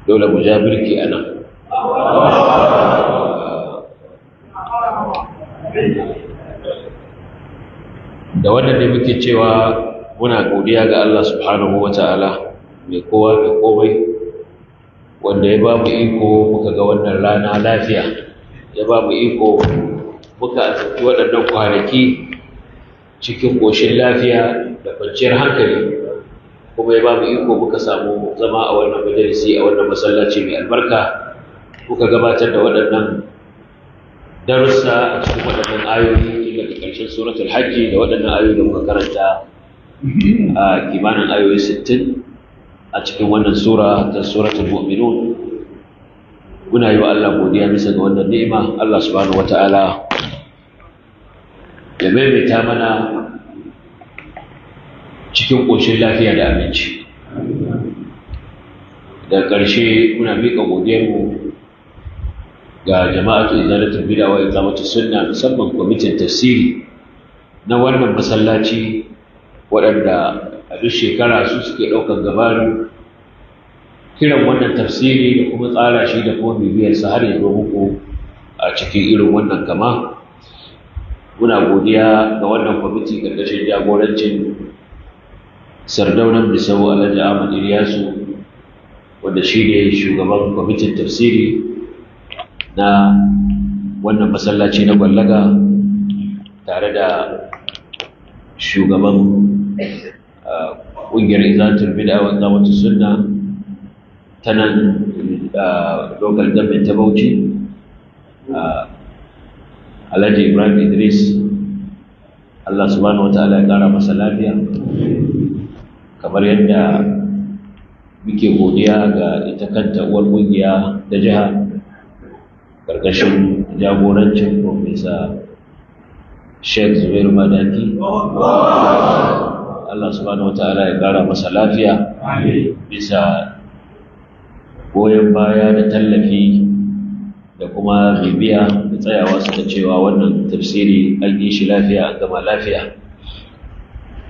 [SPEAKER 1] dole mu ja birki a nan da wannan ne muke cewa muna godiya ga Allah subhanahu wa ta'ala mai kowa mai komai wanda ya ba mu iko muka ga wannan rana lafiya ya ba mu iko muka azurci waɗannan kwanaki cikin ƙoshin lafiya da kwanciyar hankali kuma ya ba mu iko muka samu zama a wannan majalisi a wannan masallaci mai albarka Kuka gabatar da waɗannan darussa a cikin waɗannan ayoyi daga ƙarshen suratul hajji da waɗannan ayoyi da muka karanta a kimanin ayoyi sittin a cikin wannan sura ta suratul mu'minun muna yi wa Allah godiya bisa ga wannan ni'ima Allah subhanahu wataala ya maimaita mana cikin ƙoshin lafiya da aminci da ƙarshe muna miƙa godiyarmu ga jama'atu izalatul bid'a wa ta sunna musamman kwamitin tafsiri na wannan masallaci waɗanda a duk shekara su suke ɗaukar gabarin kiran wannan tafsiri da kuma tsara shi da kuma bibiyarsa har ya zo muku a cikin irin wannan kama muna godiya ga wannan kwamiti ƙarƙashin jagorancin Sardaunan Bisa'u alhaji ahmad iliyasu wanda shi ne shugaban kwamitin tafsiri na wannan masallaci na gwallaga tare da shugaban ƙungiyar izantar bida wa zamatu sunna ta nan local government ta bauchi alhaji ibrahim idris allah subhanahu wa ta'ala ya kara masa lafiya kamar yadda muke godiya ga ita kanta uwar kungiya da jiha ƙarƙashin jagorancin profesa sheikh zubairu madaki Allah subhanahu ta'ala ya ƙara masa lafiya bisa goyon baya da tallafi da kuma bibiya da tsayawa suka cewa wannan tafsiri an yi shi lafiya an gama lafiya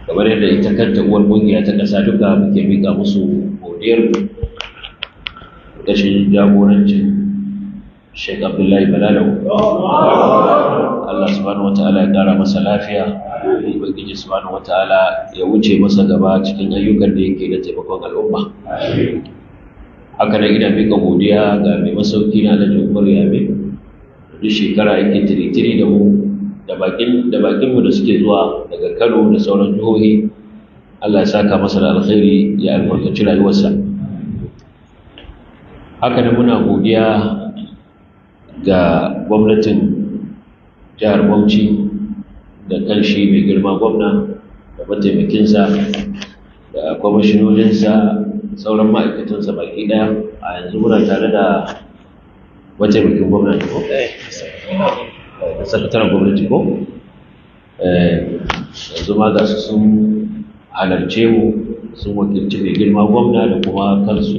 [SPEAKER 1] kamar yadda ita kanta uwar kungiya ta ƙasa duka muke miƙa musu godiyar ƙashin jagorancin Sheikh Abdullahi Balalau Allah subhanahu wata'ala ya ƙara masa lafiya ubangiji subhanahu wata'ala ya wuce masa gaba cikin ayyukan da yake da taimakon al'umma haka nan ina mika godiya ga mai masauki na da Umar Yamin duk shekara yake tiri-tiri da mu da bakin da bakin mu da suke zuwa daga Kano da sauran jihohi Allah ya saka masa da alkhairi ya albarkaci rayuwarsa haka da muna godiya ga gwamnatin jihar Bauchi da kanshi mai girma gwamna da mataimakinsa da kwamishinoninsa sauran ma'aikatansa baki ɗaya a yanzu muna tare da mataimakin gwamna da sakataren gwamnati ko eh, yanzu ma ga su sun halarce mu sun wakilci mai girma gwamna da kuma kansu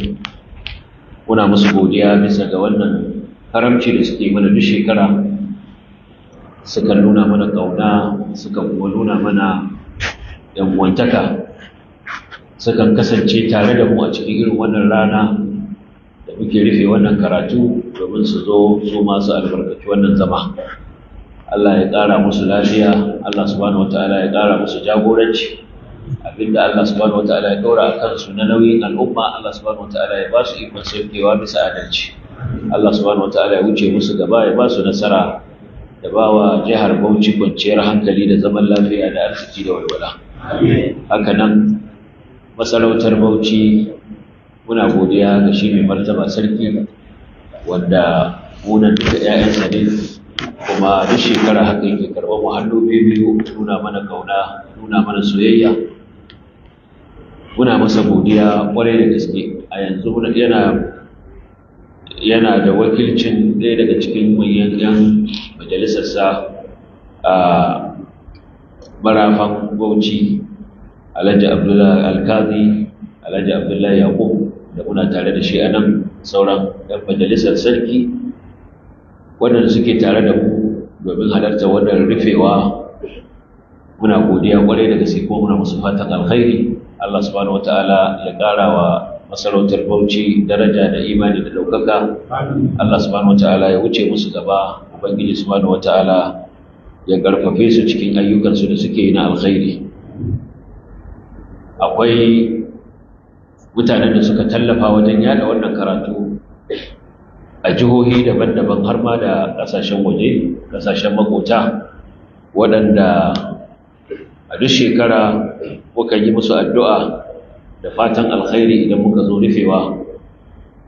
[SPEAKER 1] muna musu godiya bisa ga wannan karamci da suke mana duk shekara suka nuna mana kauna suka kuma nuna mana yanwantaka sukan kasance tare da mu a cikin irin wannan rana da muke rufe wannan karatu domin su zo su masu albarkaci wannan zama Allah ya ƙara musu lafiya Allah subhanahu wataala ya ƙara musu jagoranci abinda Allah subhanahu wataala ya ɗora a kansu na nauyin al'umma Allah subhanahu wataala ya ba su ikon saukewa bisa adalci Allah subhanahu wataala ya wuce musu gaba ya ba su nasara da ba wa jihar Bauchi kwanciyar hankali da zaman lafiya da arziki da walwala haka nan masarautar Bauchi muna godiya ga shi mai martaba sarki wanda gonar duka 'ya'yansa ne kuma da shekara haka yake karɓar mu hannu biyu nuna mana kauna nuna mana soyayya muna masa godiya kwarai da gaske a yanzu yana yana da wakilcin ɗaya daga cikin manyan yan majalisarsa a marafan bauchi alhaji abdullahi alkazi alhaji abdullahi yakub da muna tare da shi a nan sauran yan majalisar sarki waɗanda suke tare da ku. domin halarta wannan rufewa muna godiya kwarai da gaske kuma muna musu fatan alkhairi Allah subhanahu wataala ya ƙara wa masarautar Bauchi daraja da imani da ɗaukaka Allah subhanahu wataala ya wuce musu gaba Ubangiji subhanahu wataala ya ƙarfafe su cikin ayyukansu da suke yi na alkhairi akwai mutanen da suka tallafa wajen yada wannan karatu a jihohi daban-daban har ma da ƙasashen waje ƙasashen makota waɗanda a duk shekara muka yi musu addu'a da fatan alkhairi idan muka zo rufewa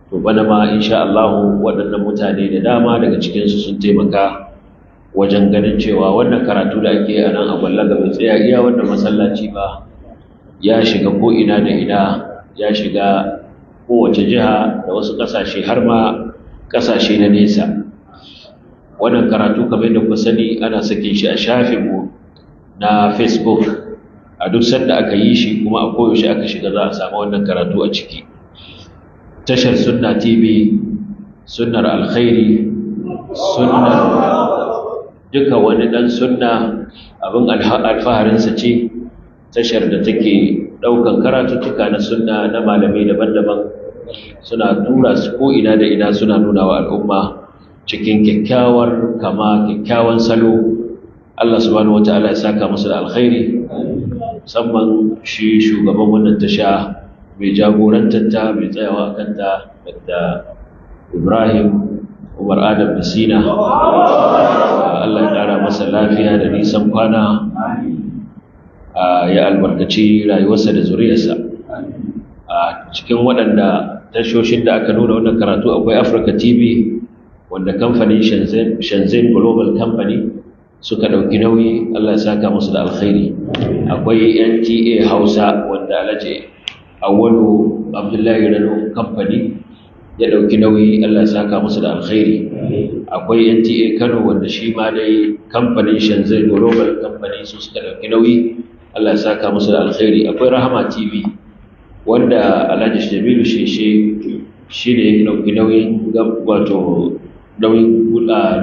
[SPEAKER 1] to bana ma insha Allah waɗannan mutane da dama daga cikinsu sun taimaka wajen ganin cewa wannan karatu da ake a nan a da bai tsaya iya wannan masallaci ba ya shiga ko ina da ina ya shiga kowace jiha da wasu ƙasashe har ma ƙasashe na nesa wannan karatu kamar yadda ku sani ana sake shi a shafinmu na facebook a duk sanda aka yi shi kuma a koyaushe aka shiga za a samu wannan karatu a ciki tashar sunna tv sunnar alkhairi sunna duka wani dan sunna abin alfaharinsa ce tashar da take ɗaukan karatuttuka na sunna na malamai daban-daban suna tura su ko ina da ina suna nuna wa al'umma cikin kyakkyawar kama kyakkyawan salo Allah subhanahu wataala ya saka masa da alkhairi musamman shi shugaban wannan tasha mai jagorantarta mai tsayawa kanta da Ibrahim Umar Adam da Sina Allah ya ƙara masa lafiya da nisan kwana ya albarkaci rayuwarsa da zuriyarsa a cikin waɗanda tashoshin da aka nuna wannan karatu akwai Africa TV wanda kamfanin Shenzhen Global Company suka ɗauki nauyi Allah ya saka musu da alkhairi akwai NTA Hausa wanda alaje awwalu Abdullahi Rano Company ya ɗauki nauyi Allah ya saka musu da alkhairi akwai NTA Kano wanda shi ma dai kamfanin Shenzhen Global Company su suka ɗauki nauyi Allah ya saka musu da alkhairi akwai Rahama TV wanda alhaji shabiru sheshe shi ne ya ɗauki nauyin wato nauyin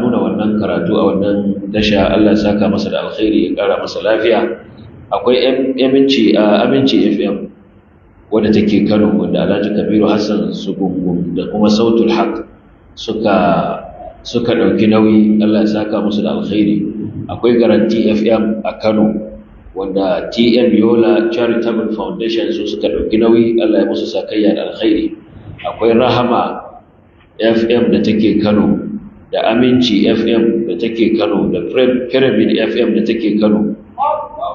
[SPEAKER 1] nuna wannan karatu a wannan tasha allah saka masa da alkhairi ya ƙara masa lafiya akwai aminci aminci fm wadda take kano wanda alhaji kabiru hassan sugungun da kuma sautul haq suka suka ɗauki nauyi allah ya saka musu da alkhairi akwai garanti fm a kano wanda tm yola charitable foundation su suka ɗauki nauyi allah ya musu sakayya da alkhairi akwai rahama fm da take kano da aminci fm da take kano da pyramid fm da take kano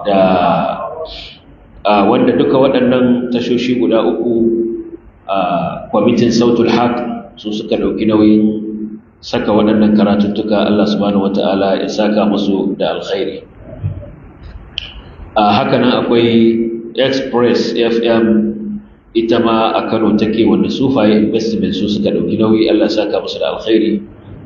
[SPEAKER 1] da wanda duka waɗannan tashoshi guda uku a kwamitin sautul haq su suka ɗauki nauyin saka waɗannan karatuttuka allah subhanahu wata'ala ya saka musu da alkhairi a hakanan akwai express fm ita ma a kano take wanda sufaye investment su suka ɗauki nauyi allah saka musu da alkhairi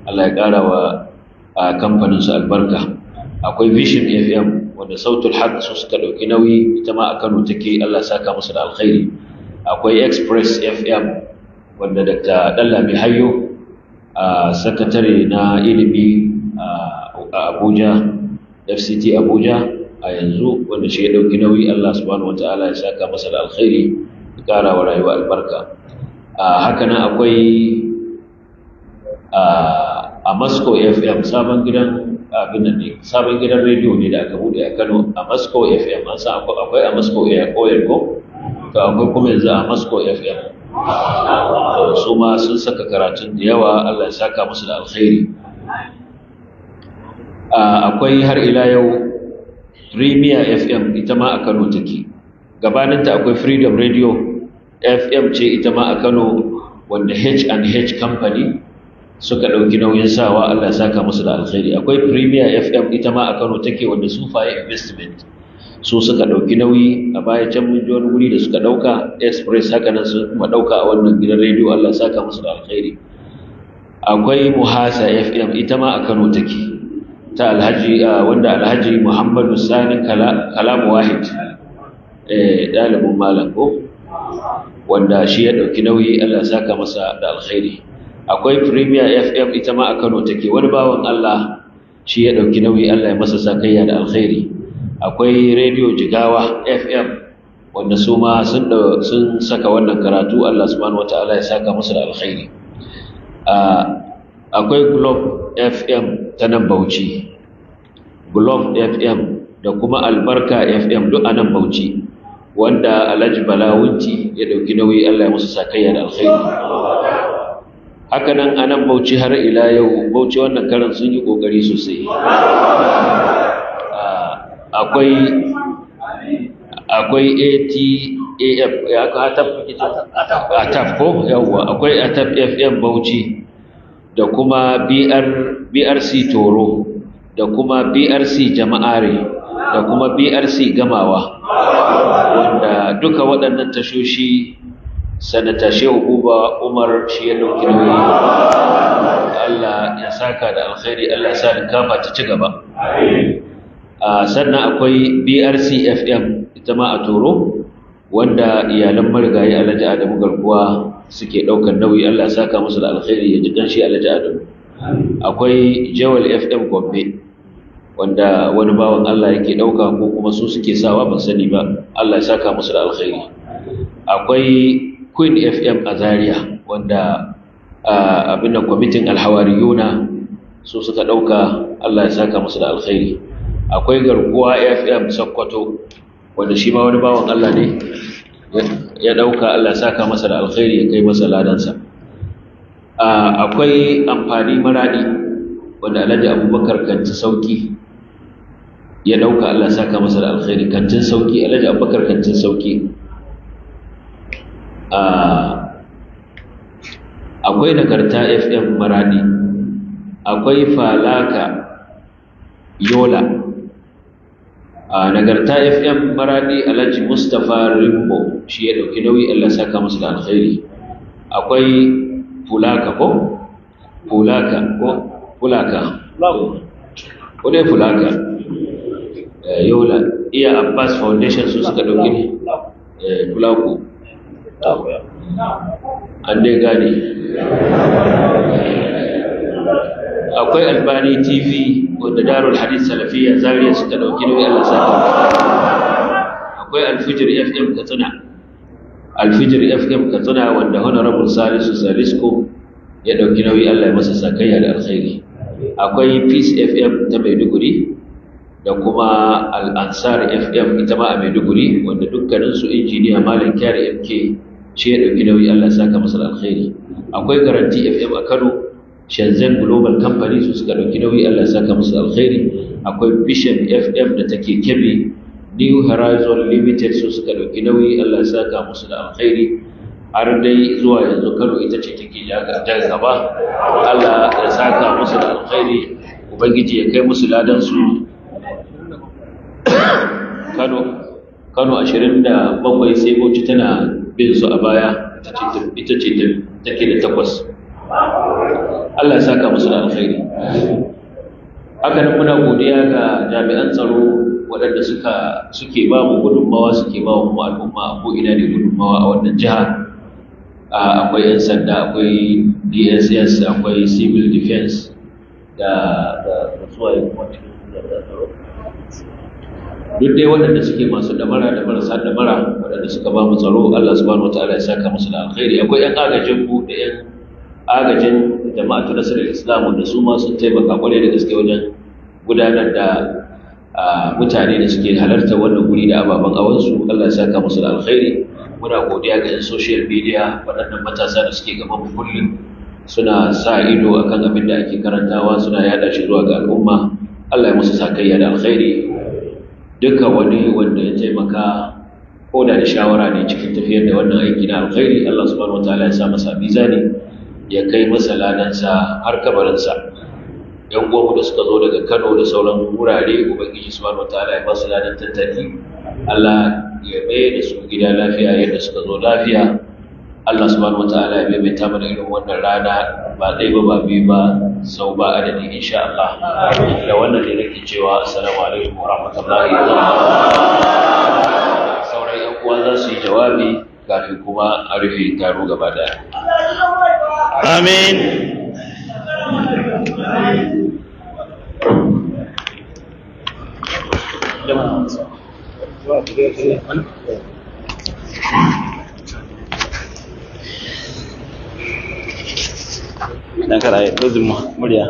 [SPEAKER 1] allah ya ƙara wa kamfanin su albarka akwai vision fm wanda sautul haq su suka ɗauki nauyi ita ma a kano take allah saka musu da alkhairi akwai express fm wanda dr dalla mai hayo a sakatare na ilimi a abuja fct abuja a yanzu wanda shi ya ɗauki nauyi Allah subhanahu wataala ya saka masa da alkhairi ya ƙara wa rayuwa albarka a haka nan akwai a Moscow FM sabon gidan abin nan ne sabon gidan rediyo ne da aka bude a Kano a Moscow FM an san akwai a Moscow ya koyar ko to akwai kuma yanzu a Moscow FM su ma sun saka karatun da yawa Allah ya saka musu da alkhairi akwai har ila yau premier fm ita ma a kano take gabaninta akwai freedom radio fm ce ita ma a kano wanda h&h company suka ɗauki nauyin sawa allah saka musu da alkhairi akwai premier fm ita ma a kano take wanda sufaye investment su suka ɗauki nauyi a baya can mun ji wani wuri da suka ɗauka express haka nan su kuma ɗauka a wannan gidan rediyo allah saka musu da alkhairi akwai muhasa fm ita ma a kano take ta alhaji wanda alhaji muhammadu sani kalamu wahid eh, ɗalibin malam ko wanda shi ya ɗauki nauyi allah saka masa da alkhairi akwai premier fm ita ma a kano take wani bawan allah shi ya ɗauki nauyi allah ya masa sakayya da alkhairi akwai rediyo jigawa fm wanda su ma sun saka wannan karatu allah subhanahu wata ta'ala ya saka masa da alkhairi akwai club fm ta nan bauchi globe fm da kuma albarka fm duk a nan bauchi wanda alhaji balawunci ya dauki nauyi allah ya musu sakayya da alkhairi haka nan a nan bauchi har ila yau bauchi wannan karan sun yi kokari sosai ah, akwai akwai af ya ataf ko yawwa akwai ataf fm bauchi da kuma br brc toro da kuma brc jama'are da kuma brc gamawa wanda duka waɗannan tashoshi sanata shehu uba umar shi ya ɗauki nauyi allah ya saka da alkhairi allah ya sa kafa kama ta ci gaba sannan akwai brc fm ita ma a toro wanda iyalan marigayi alhaji adamu garkuwa suke ɗaukar nauyi allah ya saka musu da alkhairi ya ji ƙanshi alhaji adamu akwai jawal fm gombe wanda wani bawan allah yake ɗauka ko kuma su suke sawa ban sani ba allah ya saka musu da alkhairi akwai queen fm a zaria wanda abin da kwamitin alhawariyuna su suka ɗauka allah ya saka musu da alkhairi akwai garkuwa fm Sakkwato, wanda shi ma wani bawan allah ne ya ɗauka allah ya saka masa da alkhairi ya kai masa ladansa akwai amfani maraɗi wanda alhaji abubakar kanci sauki ya ɗauka allah saka masa da alkhairi kancin sauki alhaji abubakar kancin sauki akwai nagarta fm maraɗi, akwai falaka yola a nagarta fm maraɗi, alhaji mustapha rimbo shi ya ɗauki nauyi allah saka masa da alkhairi akwai fulaka ko fulaka ko fulaka ko dai fulaka eh, yola iya abbas foundation su suka dauki ne eh, fulaku an dai gane akwai albani tv wanda darul hadith salafiya zariya suka dauki ne allah saka akwai alfijir fm katsina alfijir fm katsina wanda honorable salisu salisko ya ɗauki nauyi allah ya masa sakayya da alkhairi akwai peace fm ta maiduguri da kuma al'ansar fm ita ma a maiduguri wanda dukkaninsu injiniya malam kyari mk shi ya ɗauki nauyi allah saka masa alkhairi akwai garanti fm a kano shenzhen global company su suka ɗauki nauyi allah saka masa alkhairi akwai vision fm da take kebe new horizon limited su suka ɗauki nauyi allah ya saka musu da alkhairi har dai zuwa yanzu kano ita ce take jaga gaba allah ya saka musu da alkhairi ubangiji ya kai musu ladan su kano kano 27 sai bauchi tana bin su a baya ita ce take da takwas allah ya saka musu da alkhairi haka nan muna godiya ga jami'an tsaro waɗanda suka suke ba mu gudunmawa suke ba kuma al'umma ko ina ne gudunmawa a wannan jiha akwai 'yan sanda akwai dss akwai civil defense da zuwa yin cikin duk dai waɗanda suke masu damara da marasa damara waɗanda suka ba mu tsaro allah subhanahu wa ta'ala ya saka musu da alkhairi akwai 'yan agajin ku da 'yan agajin jama'atu nasarar islamu wanda su ma sun taimaka kwarai da gaske wajen gudanar da mutane da suke halarta wannan guri da ababen awansu Allah ya saka musu da alkhairi muna godiya ga 'yan social media waɗannan matasa da suke gaban kullum suna sa ido akan abin da ake karantawa suna yada shi zuwa ga al'umma Allah ya musu sakayya da alkhairi duka wani wanda ya taimaka ko da shawara ne cikin tafiyar da wannan aiki na alkhairi Allah subhanahu wataala ya sa masa bizani ya kai masa ladansa har kabarinsa yan uwanmu da suka zo daga Kano da sauran wurare ubangiji subhanahu wataala ya ba ladan tattali Allah ya bayar da su gida lafiya yadda suka zo lafiya
[SPEAKER 4] Allah subhanahu wataala
[SPEAKER 1] ya maimaita mana irin wannan rana ba ɗai ba ba biyu ba sau ba adadi insha Allah da wannan ne nake cewa assalamu alaikum wa rahmatullahi wa sauran yan uwa za su yi jawabi kafin kuma a rufe taro gaba daya amin
[SPEAKER 5] dan kada ya ɗauzin murya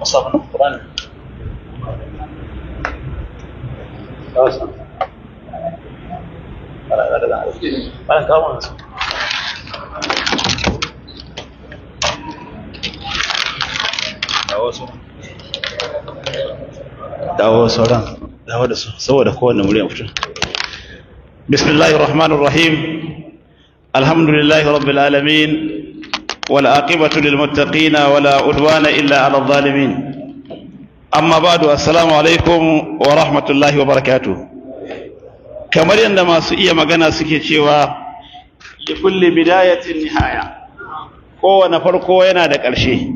[SPEAKER 6] مصاب من القرآن. بسم الله
[SPEAKER 5] الرحمن الرحيم الحمد لله رب العالمين والعاقبة للمتقين ولا عدوان إلا على الظالمين أما بعد السلام عليكم ورحمة الله وبركاته kamar yadda masu iya magana suke cewa li kulle bidayatin nihaya kowane farko yana da ƙarshe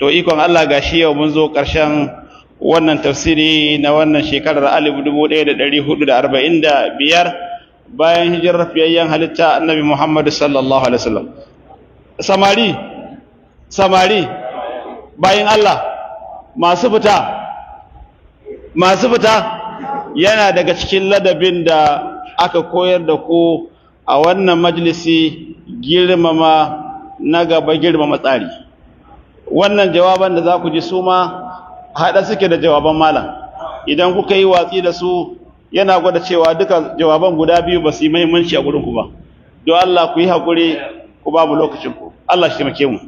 [SPEAKER 5] to ikon Allah gashi yau mun zo ƙarshen wannan tafsiri na wannan shekarar 1445 bayan hijirar fiyayyen halitta annabi Muhammad sallallahu alaihi wasallam samari samari bayan Allah masu fita masu fita yana daga cikin ladabin da aka koyar da ku a wannan majalisi girmama na gaba girmama tsari wannan jawaban da za ku ji su ma haɗa suke da jawaban malam idan kuka yi watsi da su yana gwada cewa duka jawaban guda biyu ba su yi muhimmanci a gudunku ba don Allah ku yi haƙuri ku ba mu lokacinku Allah shi taimake mu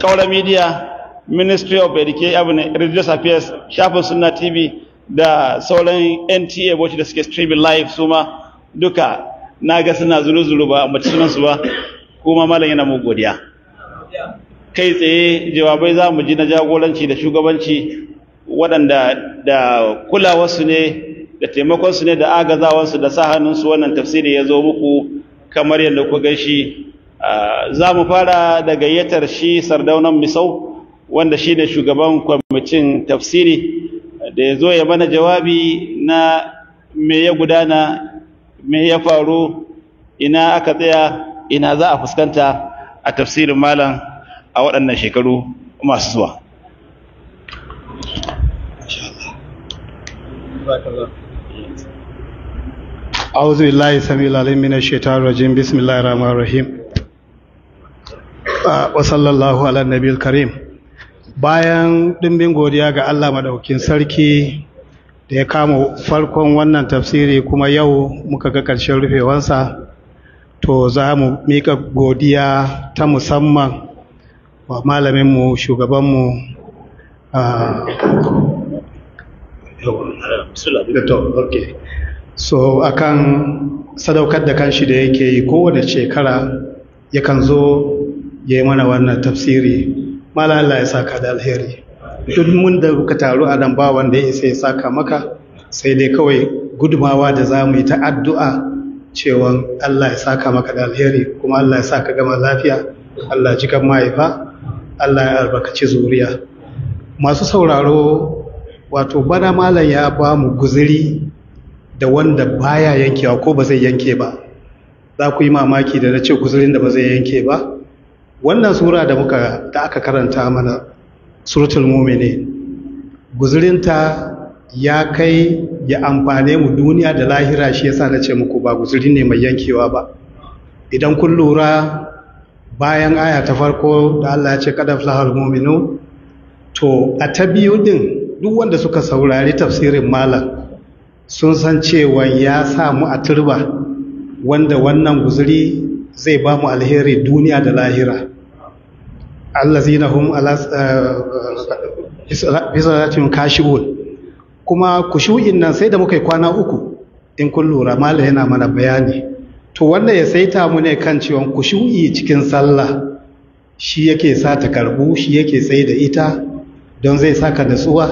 [SPEAKER 5] kaura midiya ministry of education abu ne religious affairs shafin sunna tv da sauran nta wacce da suke streaming live su ma duka na ga suna zuru-zuru ba mace ba kuma malam yana mu godiya kai tsaye jawabai za mu ji na jagoranci da shugabanci waɗanda da kulawarsu ne da taimakonsu ne da agazawarsu da sa hannunsu wannan tafsiri ya zo muku kamar yadda ku gashi ah, za mu fara da gayyatar shi sardaunan misau wanda shi ne shugaban kwamitin tafsiri da ya zo ya mana jawabi na me ya gudana me ya faru ina aka tsaya ina za a fuskanta a tafsirin malam a waɗannan shekaru masu zuwa أعوذ بالله
[SPEAKER 7] السميع العليم من الشيطان الرجيم بسم الله الرحمن الرحيم وصلى الله على النبي الكريم bayan ɗimbin godiya ga Allah maɗaukin sarki da ya kama farkon wannan tafsiri kuma yau muka ga ƙarshen rufewansa to za mu miƙa godiya ta musamman wa malaminmu shugabanmu so akan sadaukar da kanshi da yake yi kowane shekara yakan zo ya yi mana wannan tafsiri mala Allah ya saka da alheri duk mun da ka taru a nan ba wanda ya isa ya saka maka sai dai kawai gudumawa da za mu yi ta addu'a cewa Allah ya saka maka da alheri kuma Allah ya saka gama lafiya Allah ji kan mahaifa Allah ya albarkaci zuriya masu sauraro wato bana malam ya ba mu guziri da wanda baya yankewa ko ba zai yanke ba za ku yi mamaki da na ce guzirin da ba zai yanke ba wannan sura da muka da aka karanta mana suratul mumini guzurinta ya kai ya amfane mu duniya da lahira shi yasa na ce muku ba guzuri ne mai yankewa ba idan kun lura bayan aya ta farko da Allah ya ce kada fulahar mu'minu to a ta biyu din duk wanda suka saurari tafsirin malam sun san cewa ya samu a turba wanda wannan guzuri zai ba mu alheri duniya da lahira na hum bisalatin eh, kashiwun. kuma ku shu'in nan sai da muka yi kwana uku in kun lura mala yana mana bayani to wanda ya saita mu ne kan ciwon kushu'i cikin sallah shi yake sa ta karbu shi yake sai da ita don zai saka natsuwa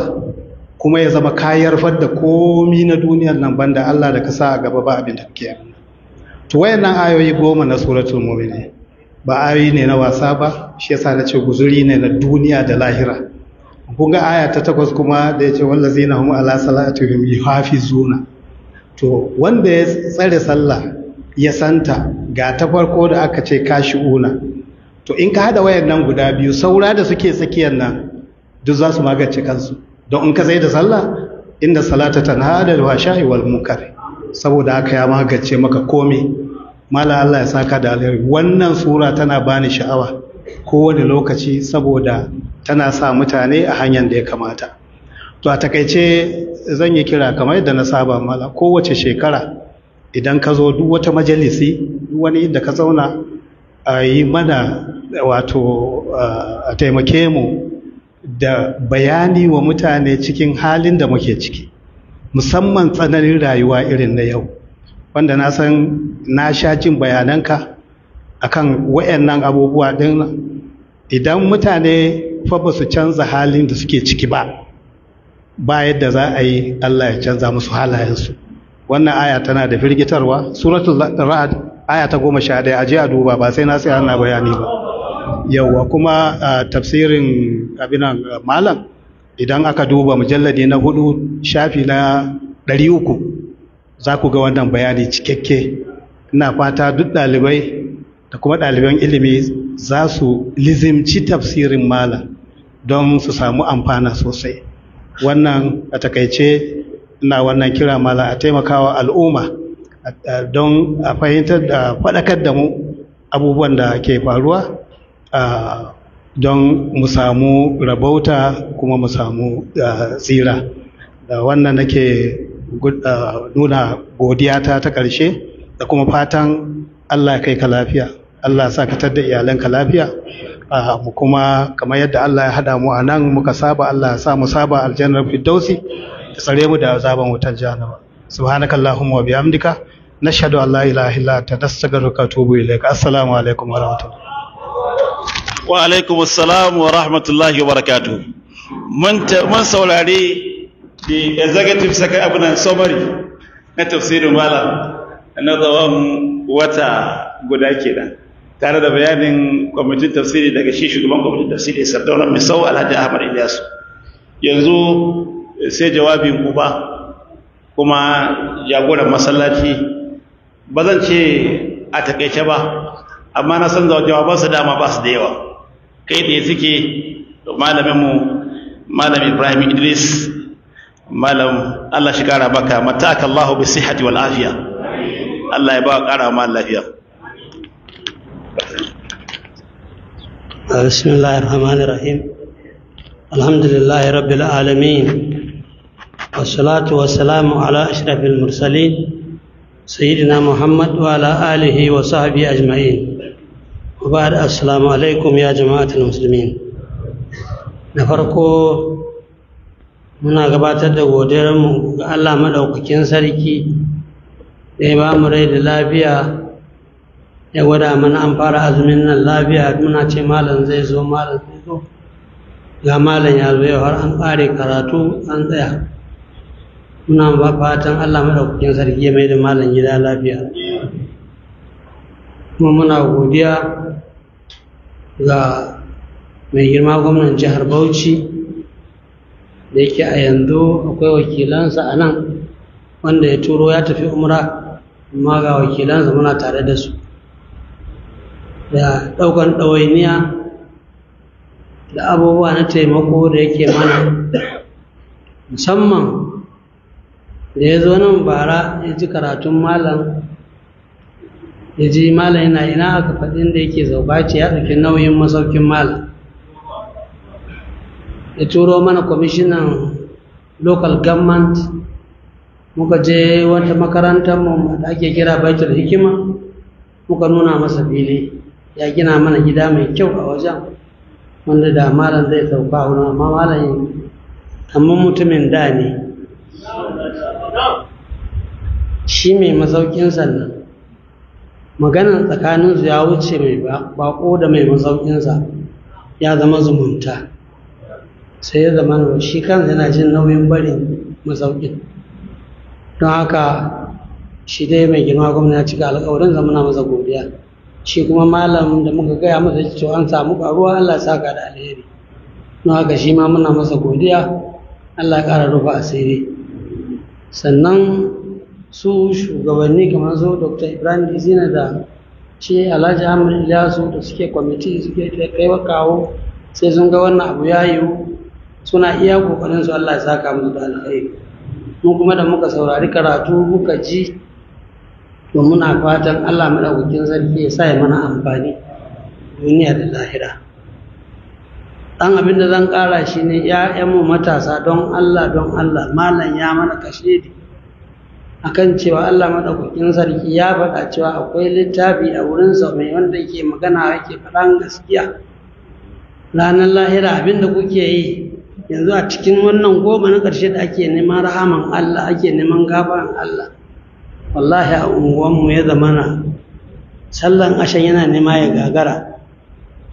[SPEAKER 7] kuma ya zama kayar da komi na duniyar nan banda Allah da ka sa a gaba ba abin da kake to wayannan ayoyi goma na suratul mu'minin ba ayoyi ne na wasa ba shi yasa na ce guzuri ne na duniya da lahira kun ga aya ta takwas kuma da yace wallazina hum ala salatihim yuhafizuna to wanda ya tsare sallah ya santa ga ta farko da aka ce kashi una to in ka hada wayan nan guda biyu saura da suke tsakiyar nan duk za su magance kansu don in ka zai da sallah inda salata tanha da washa'i wal munkari saboda haka ya magance maka komai mala Allah ya saka da alheri wannan sura tana bani sha'awa kowane lokaci saboda tana sa mutane a hanyar da ya kamata to a takaice zan yi kira kamar yadda na saba mala kowace shekara idan ka zo duk wata majalisi duk wani inda ka zauna a yi mana wato a taimake mu da bayani wa mutane cikin halin da muke ciki musamman tsananin rayuwa irin na yau wanda na san na sha jin bayananka a akan wayannan abubuwa din idan mutane fa ba su canza halin da suke ciki ba ba yadda za a yi Allah ya canza musu halayensu wannan aya tana da firgitarwa suratul raad aya ta goma sha ɗaya aje a duba ba sai na sai ana bayani ba yauwa kuma tafsirin abinan malam idan aka duba mujalladi na hudu shafi na ɗari uku za ku ga wannan bayani cikakke ina fata duk ɗalibai da kuma ɗaliban ilimi za su lizimci tafsirin malam don su samu amfana sosai wannan a takaice ina wannan kira malam a taimakawa al'umma don a fahimtar da faɗakar da mu abubuwan da ke faruwa don mu samu rabauta kuma mu samu tsira da wannan nake nuna godiyata ta ƙarshe da kuma fatan allah kai ka lafiya allah sa ka tadda iyalanka lafiya mu kuma kamar yadda allah ya hada mu a nan muka saba allah ya sa mu saba aljannar firdausi ta tsare mu da azaban wutar jahannama subhanakallahumma wa bihamdika nashhadu an la ilaha illa anta nastaghfiruka wa atubu ilaik assalamu alaikum wa rahmatullahi
[SPEAKER 5] wa alaikum assalam wa rahmatullahi wa barakatuh mun saurari the executive secretary abu summary na tafsirin malam na tsawon wata guda da tare da bayanin kwamitin tafsiri daga shi shugaban kwamitin tafsiri sardauna mai sau alhaji ahmad ilyasu yanzu sai jawabin ba kuma jagoran masallaci ba zan ce a takaice ba amma na san jawabansa dama ba su da yawa kai ne suke malaminmu malam ibrahim idris malam allah shi kara baka mataka allahu bi sihati wal afiya allah ya ba lafiya
[SPEAKER 4] alhamdulillahi rabbil alamin wassalatu wassalamu ala ashrafil mursalin sayyidina muhammad wa ala alihi wa sahbihi ajma'in Ba'ad assalamu alaikum ya jama'atul musulmin. Na farko muna gabatar da godiyarmu ga Allah madaukakin sarki da ya bamu rai da lafiya ya gwada mana an fara azumin nan lafiya muna ce malam zai zo malam zai zo ga malam ya zo har an ƙare karatu an tsaya muna ba fatan Allah madaukakin sarki ya mai da malam gida lafiya kuma muna godiya ga mai girma gwamnan jihar bauchi da yake a yanzu akwai wakilansa a nan wanda ya turo ya tafi umra amma ga wakilansa muna tare da su da ɗaukan ɗawainiya da abubuwa na taimako da yake mana musamman da ya zo nan bara ya ji karatun malam ya ji malam yana ina aka faɗi inda yake zauba ce ya ɗauki nauyin masaukin malam ya turo mana kwamishinan local government muka je wata makarantar mu da ake kira baitul hikima muka nuna masa fili ya gina mana gida mai kyau a wajen wanda da malam zai sauka a amma malam amma mutumin da ne shi mai masaukin sannan maganar tsakaninsu ya wuce mai bako da mai mazaukinsa ya zama zumunta sai ya zama shi kansa yana jin nauyin bari mazaukin don haka shi dai mai girma gwamna ya cika alƙawarin zamana masa godiya shi kuma malam da muka gaya masa cewa an samu ƙaruwa Allah sa ka da alheri don haka shi ma muna masa godiya Allah ya ƙara rufa asiri sannan su shugabanni kamar su dr ibrahim dizina da ce alhaji ahmad ilyasu da suke kwamiti suke kai wa kawo sai sun ga wannan abu ya yiwu suna iya kokarin su allah ya saka musu da alkhairi mu kuma da muka saurari karatu muka ji to muna fatan allah maɗaukakin sarki ya sa ya mana amfani duniya da lahira ɗan abin da zan ƙara shi ne ‘ya'yanmu matasa don Allah don Allah malam ya mana kashe akan cewa Allah maɗaukakin sarki ya faɗa cewa akwai littafi a wurin wurinsa mai wanda yake magana yake faɗan gaskiya ranar lahira abin da kuke yi yanzu a cikin wannan goma na ƙarshe da ake neman rahaman Allah ake neman gafaran Allah wallahi a unguwanmu ya zamana sallan ashen yana nema ya gagara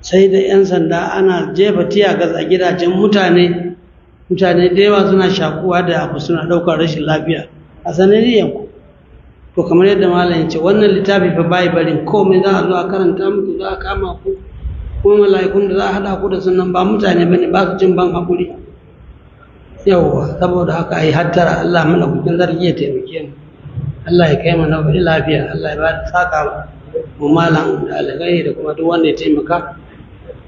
[SPEAKER 4] sai da 'yan sanda ana jefa tiyagas a gidajen mutane mutane da yawa suna shakuwa da abu suna ɗaukar rashin lafiya a sanadiyan ku to kamar yadda malam ya ce wannan littafi fa bai barin komai za a zo a karanta muku za a kama ku kuma mala'ikun da za a haɗa ku da sunan ba mutane bane ba su jin ban haƙuri yawwa saboda haka ai hattara Allah mana kukin zargi ya taimake mu Allah ya kai mana wani lafiya Allah ya ba da saka mu malam da alƙai da kuma duk wanda ya taimaka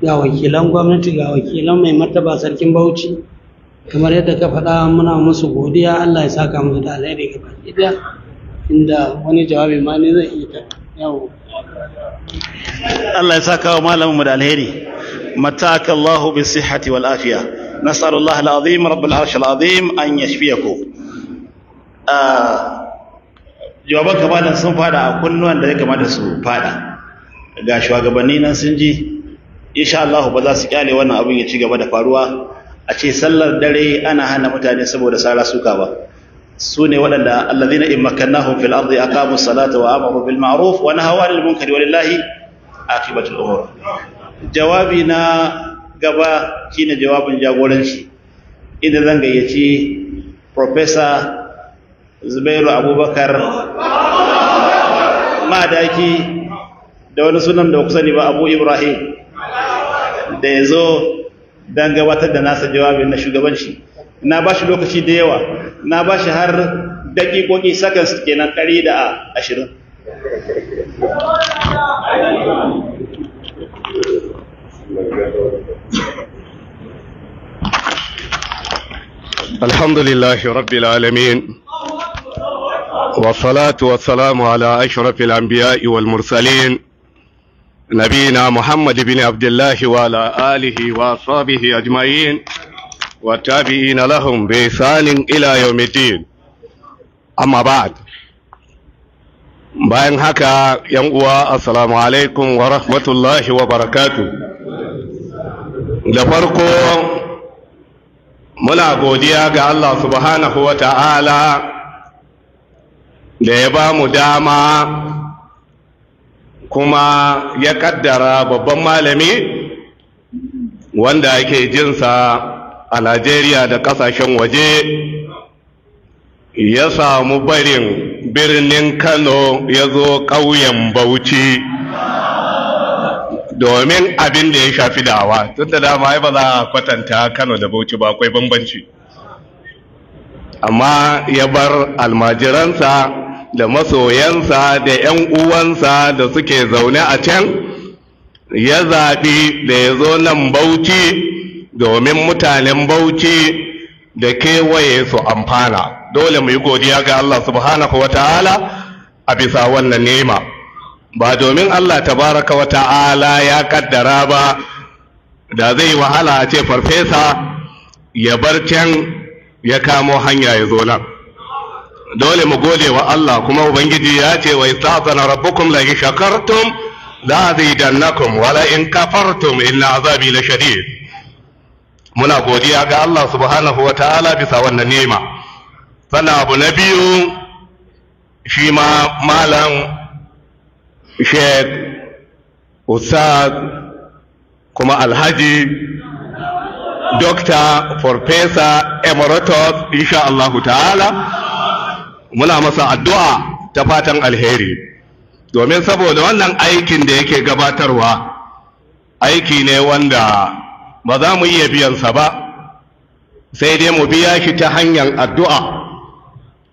[SPEAKER 4] ga wakilan gwamnati ga wakilan mai martaba sarkin Bauchi kamar yadda ka faɗa muna musu godiya Allah ya saka musu da alheri gaba ɗaya inda wani jawabi ma ne zai iya ta yawo Allah ya saka wa malamin mu da alheri
[SPEAKER 5] mataka Allahu bi sihhati wal afiya azim rabb al arsh al azim an yashfiyaku ah, jawaban kamalan sun fada a kunnuwan da ya kamata su fada ga shugabanni nan sun ji insha Allah ba za su kyale wannan abin ya ci gaba da faruwa a ce sallar dare ana hana mutane saboda sara suka ba su ne waɗanda allazina in makannahum fil ardi aqamu salata wa amaru bil ma'ruf wa nahaw anil munkari walillahi aqibatul umur jawabi na gaba shine jawabin jagoranci inda zan gayyaci professor Zubairu Abubakar madaki da wani sunan da ku sani ba Abu Ibrahim da yazo dan gabatar da nasa jawabin na shugabanci na ba shi lokaci da yawa na ba shi har dakikoki seconds kenan kari da
[SPEAKER 8] الحمد لله رب العالمين والصلاة والسلام على أشرف الأنبياء والمرسلين نبينا محمد بن عبد الله وعلى آله وأصحابه أجمعين والتابعين لهم بإحسان إلى يوم الدين أما بعد bayan haka yan uwa assalamu alaikum wa rahmatullahi wa barakatu da farko muna godiya ga Allah subhanahu wa ta'ala da ya ba mu dama kuma ya kaddara babban malami wanda ake jinsa a Najeriya da kasashen waje ya samu barin birnin Kano ya zo ƙauyen Bauchi domin abin da ya shafi dawa tun da dama ba za a kwatanta Kano da Bauchi ba akwai bambanci amma ya bar almajiransa da masoyansa da 'yan uwansa da suke zaune a can ya zaɓi da ya zo nan bauchi domin mutanen bauchi da kewaye su amfana dole mu yi godiya ga Allah subhanahu wa ta'ala a bisa wannan nema ba domin Allah tabaraka wa ta'ala ya kaddara ba da zai wahala a ce farfesa ya bar can ya kamo hanya ya zo nan dole mu gode wa Allah kuma ubangiji ya ce wa istazana rabbukum la in shakartum la azidannakum wa wala in kafartum inna azabi na shadid muna godiya ga Allah subhanahu wa ta'ala bisa wannan nema. sannan abu na biyu shi ma malam sheikh usad kuma alhaji dokta farfesa emeritus insha Allah ta'ala muna masa addu'a ta fatan alheri domin saboda wannan aikin da yake gabatarwa aiki ne wanda ba za mu iya biyansa ba sai dai mu biya shi ta hanyar addu'a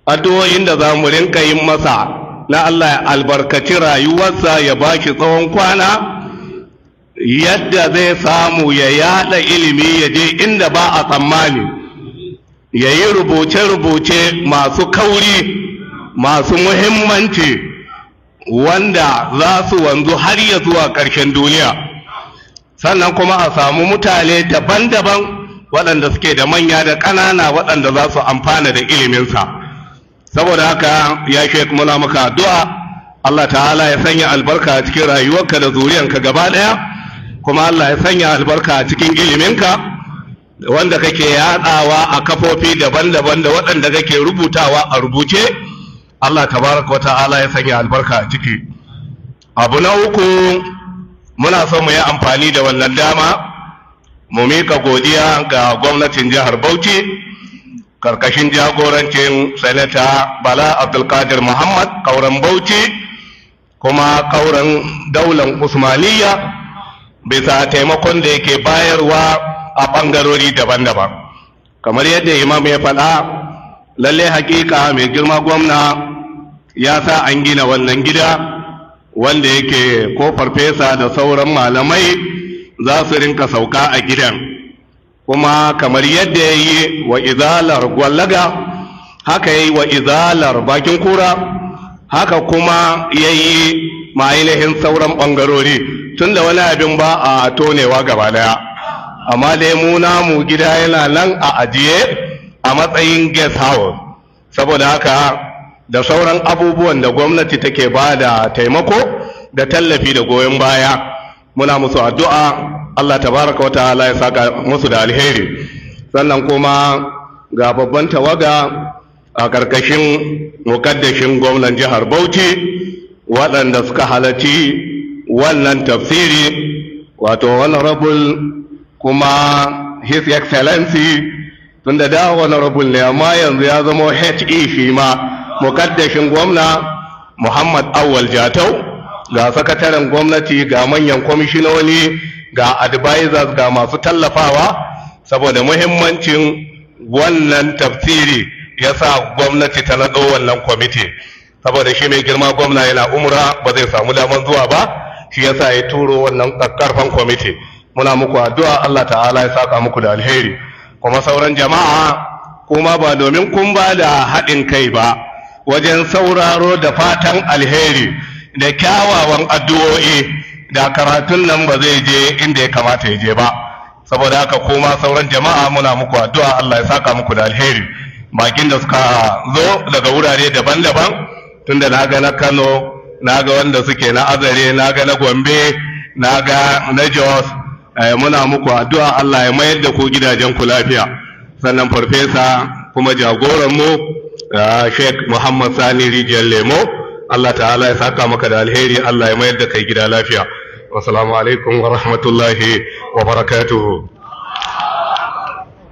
[SPEAKER 8] addu'o'in da za mu rinka yin masa na Allah ya albarkaci rayuwarsa ya ba shi tsawon kwana yadda zai samu ya yada ilimi ya je inda ba a tsammani ya yi rubuce-rubuce masu kauri masu muhimmanci wanda za su wanzu har ya zuwa ƙarshen duniya sannan kuma a samu mutane daban-daban waɗanda suke da manya da ƙanana waɗanda za su amfana da iliminsa saboda haka ya shek muna muka addu'a Allah ta'ala ya sanya albarka a cikin rayuwarka da zuriyanka gaba ɗaya kuma Allah ya sanya albarka a cikin iliminka wanda kake yadawa a kafofi daban-daban da waɗanda kake rubutawa a rubuce Allah tabaraka wata'ala ya sanya albarka a ciki abu na uku muna so mu yi amfani da wannan dama mu mika godiya ga gwamnatin jihar Bauchi karkashin jagorancin sanata Bala Abdulkadir Muhammad kauran Bauchi kuma kauran daular Usmaniya bisa taimakon da yake bayarwa a ɓangarori daban-daban kamar yadda imam ya faɗa lalle hakika mai girma gwamna ya sa an gina wannan gida wanda yake ko farfesa da sauran malamai za su rinka sauka a gidan kuma kamar yadda ya yi wa izalar gwallaga haka ya yi wa izalar bakin kura haka kuma ya yi ma'ainihin sauran ɓangarori tun da wani abin ba a tonewa gaba daya amma dai mu namu gida yana nan a ajiye a matsayin guest house saboda haka da sauran abubuwan da gwamnati take ba da taimako da tallafi da goyon baya muna musu addu'a Allah tabaraka wa ta'ala ya saka musu da alheri sannan kuma ga babban tawaga a ƙarƙashin muƙaddashin gwamnan jihar Bauchi waɗanda suka halarci wannan tafsiri wato wani rabul kuma his excellency tun da da honorable ne amma yanzu ya zama he shi ma mukaddashin gwamna muhammad awal jatau ga sakataren gwamnati ga manyan kwamishinoni ga advisors ga masu tallafawa saboda muhimmancin wannan tafsiri ya sa gwamnati ta naɗo wannan kwamiti saboda shi mai girma gwamna yana umra ba zai samu daman zuwa ba shi ya sa ya turo wannan ƙarfan kwamiti muna muku addu'a Allah ta'ala ya saka muku da alheri kuma sauran jama'a kuma ba domin kun ba da haɗin kai ba wajen sauraro da fatan alheri da kyawawan addu'o'i da karatun nan ba zai je inda ya kamata ya je ba saboda haka kuma sauran jama'a muna muku addu'a Allah ya saka muku da alheri bakin da suka zo daga wurare daban-daban tunda na ga na Kano na ga wanda suke na Azare na ga na Gombe na ga na Jos Eh, muna muku addu'a Allah ya mayar da ku gidajen ku lafiya sannan farfesa kuma jagoran mu eh, Sheikh Muhammad Sani Rijiyar Lemo Allah ta'ala ya saka maka da alheri Allah ya mayar da kai gida lafiya wassalamu alaikum wa rahmatullahi wa barakatuhu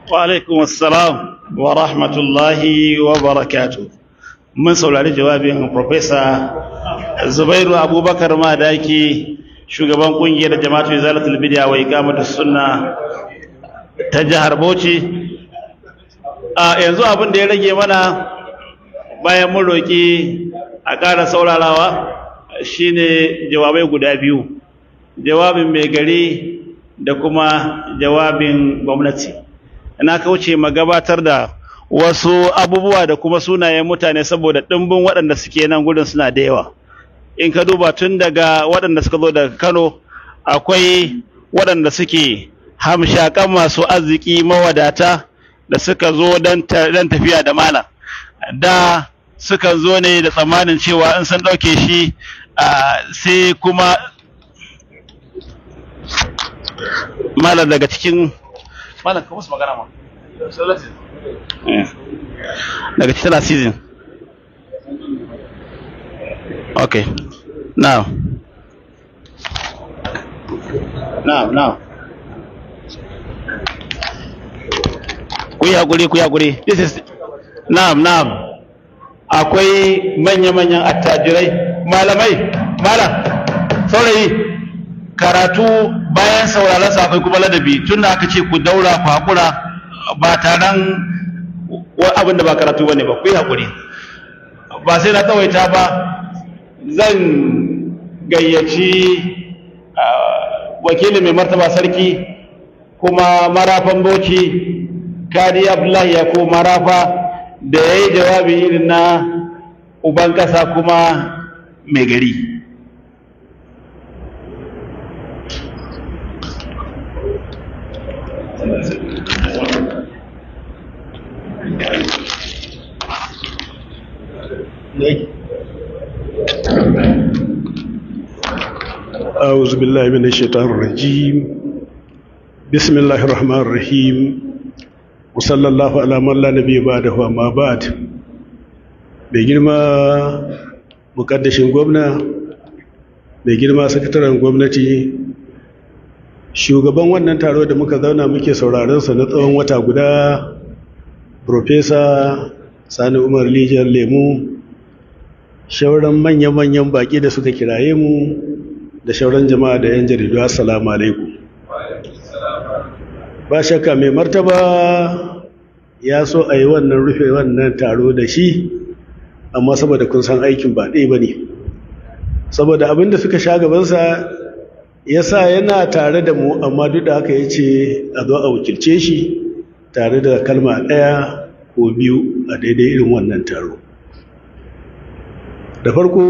[SPEAKER 5] wa alaikum assalam wa rahmatullahi wa barakatuhu mun saurari jawabin Profesa Zubairu Abubakar Madaki shugaban kungiyar jama'atu izalatul bid'a wa iqamatu sunna ta jihar Bauchi a yanzu abin da ya rage mana bayan mun roki a ƙara saurarawa shine jawabai guda biyu jawabin mai gari da kuma jawabin gwamnati na kauce ma gabatar da wasu abubuwa da kuma sunayen mutane saboda ɗimbin waɗanda suke nan gudun suna da yawa in ka duba tun daga waɗanda suka zo daga Kano akwai waɗanda suke hamshakan masu arziki mawadata da suka zo don tafiya da malam da suka zo ne da tsammanin cewa in sun ɗauke shi sai kuma malam daga cikin mala ka musu magana ma eh. daga cikin season Okay. Now. Now, now. Kuyaguri, kuyaguri. This is Na'am, na'am. Akwai manya manya attajirai, malamai, malam, saurayi, karatu bayan sauraron sa akwai kuma ladabi tun da aka ce ku daura ku haƙura ba taron abin da ba karatu bane ba ku yi haƙuri ba sai na tsawaita ba zan gayyaci wakilin mai martaba sarki kuma marafan boki kadi abdullahi ya ko marafa da ya yi jawabi irin na uban ƙasa kuma
[SPEAKER 6] mai gari Thank you. أعوذ بالله من الشيطان الرجيم بسم الله الرحمن الرحيم وصلى الله على من لا نبي بعده وما بعد mai مقدش قبنا gwamna mai girma sakataren shugaban wannan taro da muka zauna muke sauraronsa na tsawon wata guda Profesa Sani Umar Lijiyar Lemu shauran manya-manyan baƙi da suka kiraye mu da shauran jama'a da 'yan jaridu assalamu alaikum ba shakka mai martaba ya so a yi wannan rufe wannan taro da shi amma saboda kun san aikin ba ɗaya ba ne saboda abin da suka sha gabansa ya sa yana tare da mu amma duk da haka ya ce a zo a wakilce shi tare da kalma ɗaya ko biyu a daidai irin wannan taro da farko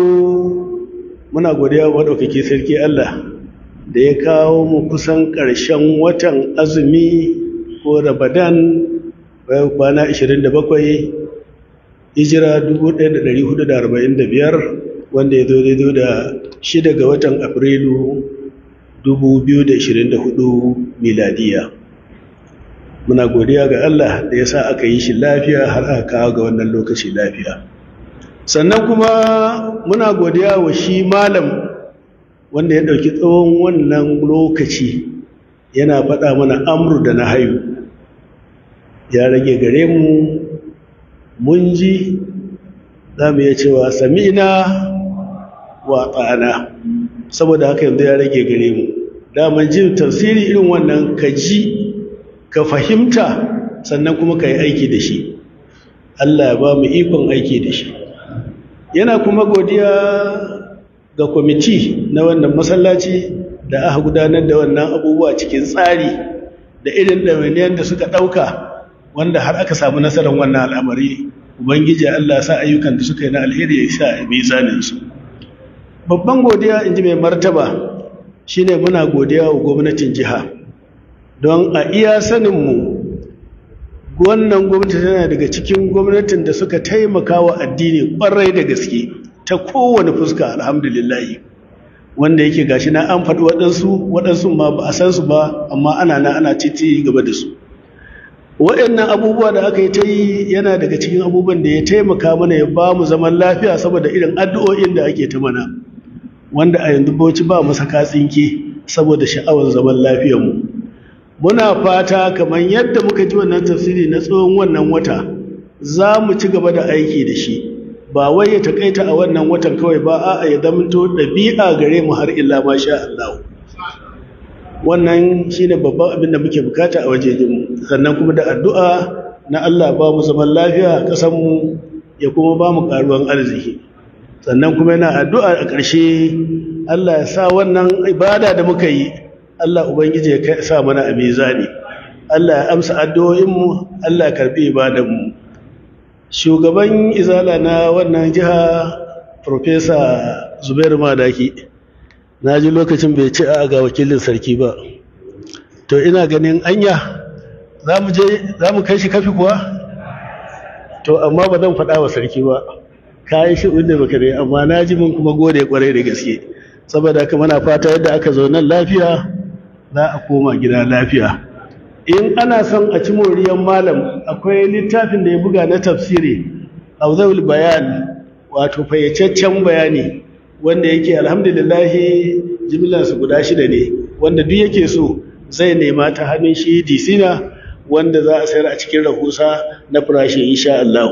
[SPEAKER 6] muna godiya wa ɗaukaki sarki Allah da ya kawo mu kusan ƙarshen watan azumi ko rabadan bayan kwana 27 hijira 1445 wanda ya zo daidai da shi ga watan afrilu 2024 miladiya muna godiya ga Allah da ya sa aka yi shi lafiya har aka kawo ga wannan lokaci lafiya sannan kuma muna godiya wa shi malam wanda ya ɗauki tsawon wannan lokaci yana faɗa mana amru da na hayu ya rage gare mu mun ji za mu iya cewa Samina wa tsana saboda haka yanzu ya rage gare mu daman jin tafsiri irin wannan ka ji ka fahimta sannan kuma ka yi aiki da shi Allah ya ba mu ikon aiki da shi yana kuma godiya ga kwamiti na wannan masallaci da aka gudanar da wannan abubuwa cikin tsari da irin ɗawainiyar da suka ɗauka wanda har aka samu nasarar wannan al'amari ubangiji Allah sa ayyukan da suka yi na alheri ya sa a mizaninsu babban godiya in ji mai martaba shine muna godiya wa gwamnatin jiha don a iya saninmu wannan gwamnati tana daga cikin gwamnatin da suka taimaka wa addini kwarai da gaske ta kowane fuska alhamdulillahi wanda yake gashi na an faɗi waɗansu waɗansu ma ba a san su ba amma ana na ana titi gaba da su waɗannan abubuwa da aka yi ta yi yana daga cikin abubuwan da ya taimaka mana ya ba mu zaman lafiya saboda irin addu'o'in da ake ta mana wanda a yanzu bauchi ba masa katsinke saboda sha'awar zaman lafiyar mu. muna fata kamar yadda muka ji wannan tafsiri na tsawon wannan wata za mu ci gaba da aiki da shi ba wai ya takaita a wannan watan kawai ba a'a ya zamanto ɗabi'a gare mu har illa ma sha Allah wannan shine babban abin da muke bukata a wajejinmu sannan kuma da addu'a na Allah ba mu zaman lafiya a ƙasar mu ya kuma ba mu ƙaruwan arziki sannan kuma yana addu'a a ƙarshe Allah ya sa wannan ibada da muka yi Allah ubangiji ya sa mana a mizani Allah ya amsa addu'o'inmu Allah ya karbi ibadanmu shugaban izala na wannan jiha Profesa Zubairu Madaki na ji lokacin bai ci a ga wakilin sarki ba to ina ganin anya za mu kai shi kafi kuwa to amma ba zan faɗa wa sarki ba Ka yi shi inda baka dai amma na ji mun kuma gode kwarai da gaske saboda kamana fata yadda aka zo nan lafiya za a koma gida lafiya in ana son a ci moriyan malam akwai littafin da ya buga na tafsiri a auzawul bayan wato fayyacaccen bayani wanda yake alhamdulillahi su guda shida ne wanda duk yake so zai nema ta hannun shi disina wanda za a sayar a cikin rahusa na farashin insha Allah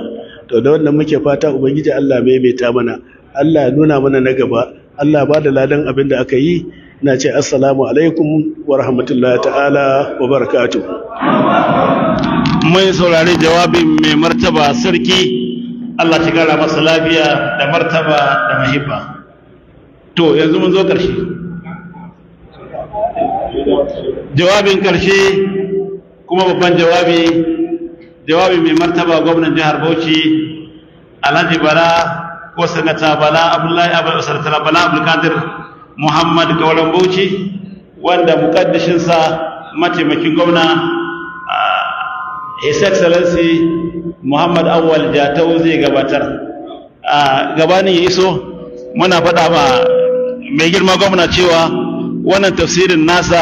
[SPEAKER 6] to da wannan muke fata ubangiji Allah maimaita mana Allah nuna mana na gaba Allah ba da ladan abin da aka yi na ce assalamu alaikum wa rahmatullahi ta'ala wa
[SPEAKER 5] barakatu mai saurari jawabin mai martaba sarki Allah ta gara masa lafiya da martaba da mahibba to yanzu mun zo ƙarshe jawabin ƙarshe kuma babban jawabi jawabi mai martaba gwamnan jihar Bauchi Alhaji Bala ko sanata Bala Abdullahi Abdul Bala Abdul Kadir muhammad kaulan bauchi wanda mukaddashinsa mataimakin gwamna his excellency muhammad awal jatau zai gabatar gabanin ya iso muna faɗa ma mai girma gwamna cewa wannan tafsirin nasa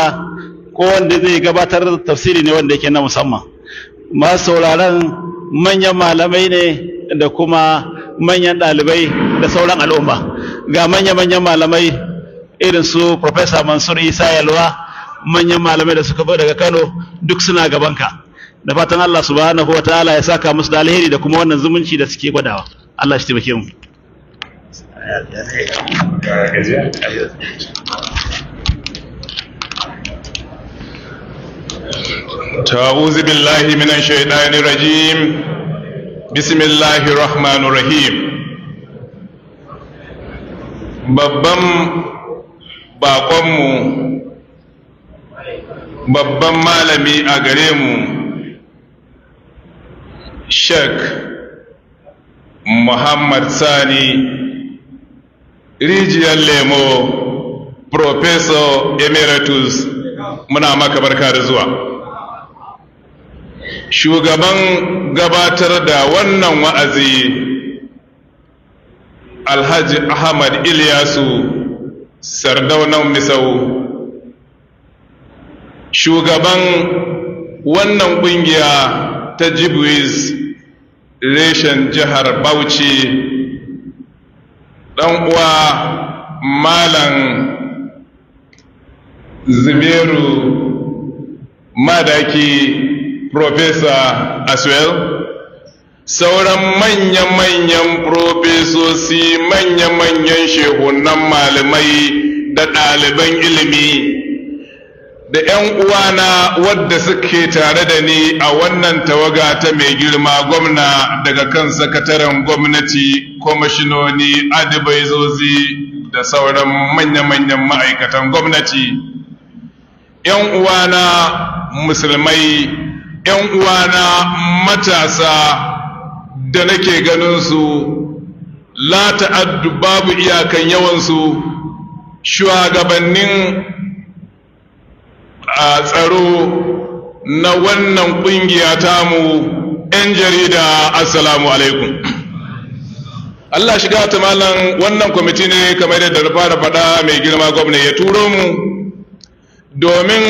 [SPEAKER 5] ko wanda zai gabatar tafsiri ne wanda yake na musamman masu sauraron manyan malamai ne da kuma manyan ɗalibai da sauran al'umma ga manya-manyan malamai irin su Professor Mansur Isa Yalwa manyan malamai da suka fi daga Kano duk suna gabanka da fatan Allah subhanahu wa ta'ala ya saka musu da alheri da kuma wannan zumunci da suke gwadawa Allah shi taimake mu
[SPEAKER 2] تعوذ billahi من الشيطان rajim. Bismillahir rahmanir rahim. babban baƙonmu babban malami a gare mu shek muhammad sani rijiyar lemo professor emeritus muna maka barka da zuwa shugaban gabatar da wannan wa'azi alhaji ahmad ilyasu sardaunan misau shugaban wannan ƙungiya ta jibwiz reshen jihar bauchi dan uwa malam zuberu madaki professor aswell sauran manya-manyan profesosi manya-manyan shehunan malamai da ɗaliban ilimi da 'yan uwana wadda suke tare da ni a wannan tawaga ta mai girma gwamna daga kan sakataren gwamnati kwamishinoni adibaizozi da sauran manya-manyan ma'aikatan gwamnati 'yan uwana musulmai 'yan uwana matasa da nake ganin su la ta'addu babu iyakan yawansu shugabannin a tsaro na wannan kungiya mu 'yan jarida assalamu alaikum Allah shiga ta malam wannan kwamiti ne kamar yadda na fara faɗa mai girma gwamna ya turo mu domin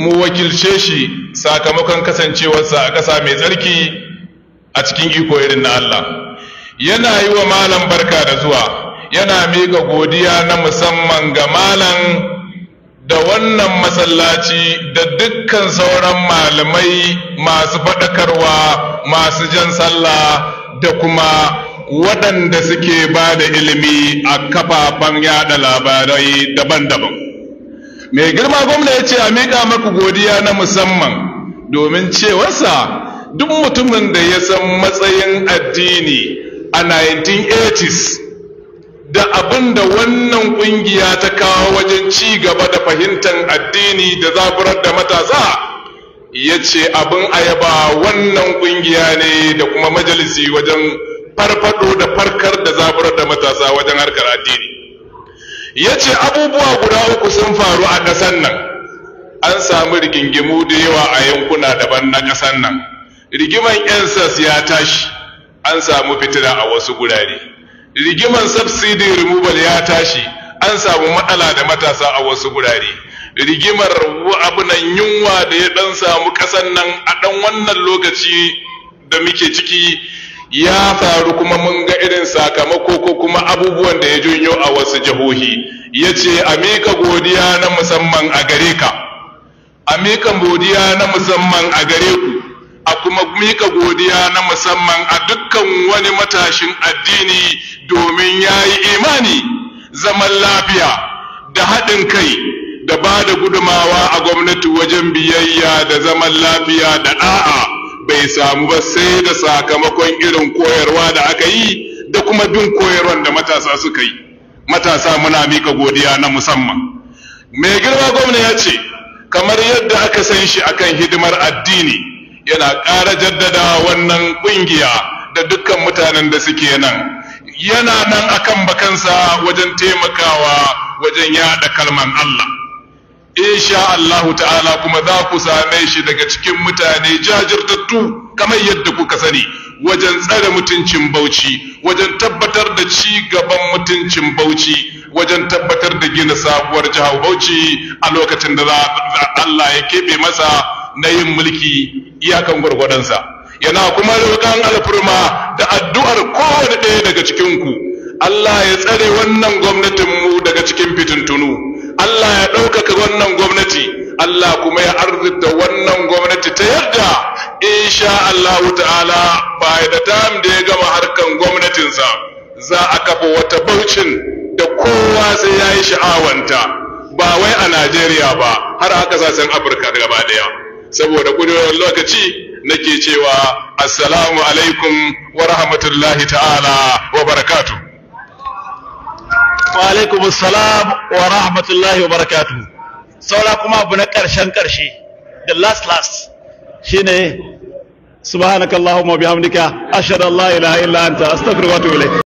[SPEAKER 2] mu wakilce shi sakamakon kasancewarsa a ƙasa mai tsarki a cikin iko irin na Allah yana yi wa malam barka da zuwa yana miƙa godiya na musamman ga malam da wannan masallaci da dukkan sauran malamai masu faɗakarwa masu jan sallah da kuma waɗanda suke ba da ilimi a kafafen yada labarai daban-daban mai girma gwamna ya ce a miƙa maku godiya na musamman domin cewarsa duk mutumin da ya san matsayin addini a 1980s da abin da wannan kungiya ta kawo wajen ci gaba da fahimtar addini da zaburar da matasa ya ce abin ayaba wannan kungiya ne da kuma majalisi wajen farfado da farkar da zaburar da matasa wajen harkar addini ya ce abubuwa guda uku sun faru a ƙasar nan an samu rigingimu da yawa a yankuna daban na ƙasar nan rigiman ensas ya tashi an samu fitila a wasu gurare rigiman subsidy removal ya tashi an samu matsala da matasa a wasu gurare rigimar abunan yunwa da ya dan samu kasan nan a dan wannan lokaci da muke ciki ya faru kuma mun ga irin sakamako ko kuma abubuwan da ya junyo a wasu jihohi ya ce a godiya na musamman a gare ka a mika godiya na musamman a gare ku a kuma mika godiya na musamman a dukkan wani matashin addini domin ya yi imani zaman lafiya da haɗin kai da ba da gudumawa a gwamnati wajen biyayya da zaman lafiya da ɗa'a bai samu ba sai da sakamakon irin koyarwa da aka yi da kuma bin koyarwan da matasa suka yi matasa muna mika godiya na musamman mai girma gwamna ya ce kamar yadda aka san shi akan hidimar addini yana ƙara jaddada wannan ƙungiya da dukkan mutanen da suke nan yana nan akan bakansa wajen taimakawa wajen yaɗa kalman Allah insha Allahu ta'ala kuma za ku same shi daga cikin mutane jajirtattu kamar yadda kuka sani wajen tsare mutuncin Bauchi wajen tabbatar da ci gaban mutuncin Bauchi wajen tabbatar da gina sabuwar jihar Bauchi a lokacin da Allah ya keɓe masa na yin mulki iyakan gwargwadonsa yana kuma rokan alfurma da addu'ar kowane ɗaya daga cikinku Allah ya tsare wannan gwamnatinmu daga cikin fitintunu Allah ya ɗaukaka wannan gwamnati Allah kuma ya arzuta wannan gwamnati ta yarda insha Allah ta'ala ba da tam da ya gama harkan gwamnatinsa za a kafa wata baucin da kowa sai ya yi sha'awanta ba wai a Najeriya ba har aka sasan Afirka gaba ɗaya. saboda kudurar lokaci nake cewa assalamu alaikum wa rahmatullahi ta'ala wa barakatu
[SPEAKER 5] wa alaikum assalam wa rahmatullahi wa barakatu saura kuma abu na ƙarshen ƙarshe the last last
[SPEAKER 1] shine subhanakallahumma bihamdika ashhadu an la ilaha illa anta astaghfiruka wa atubu ilayk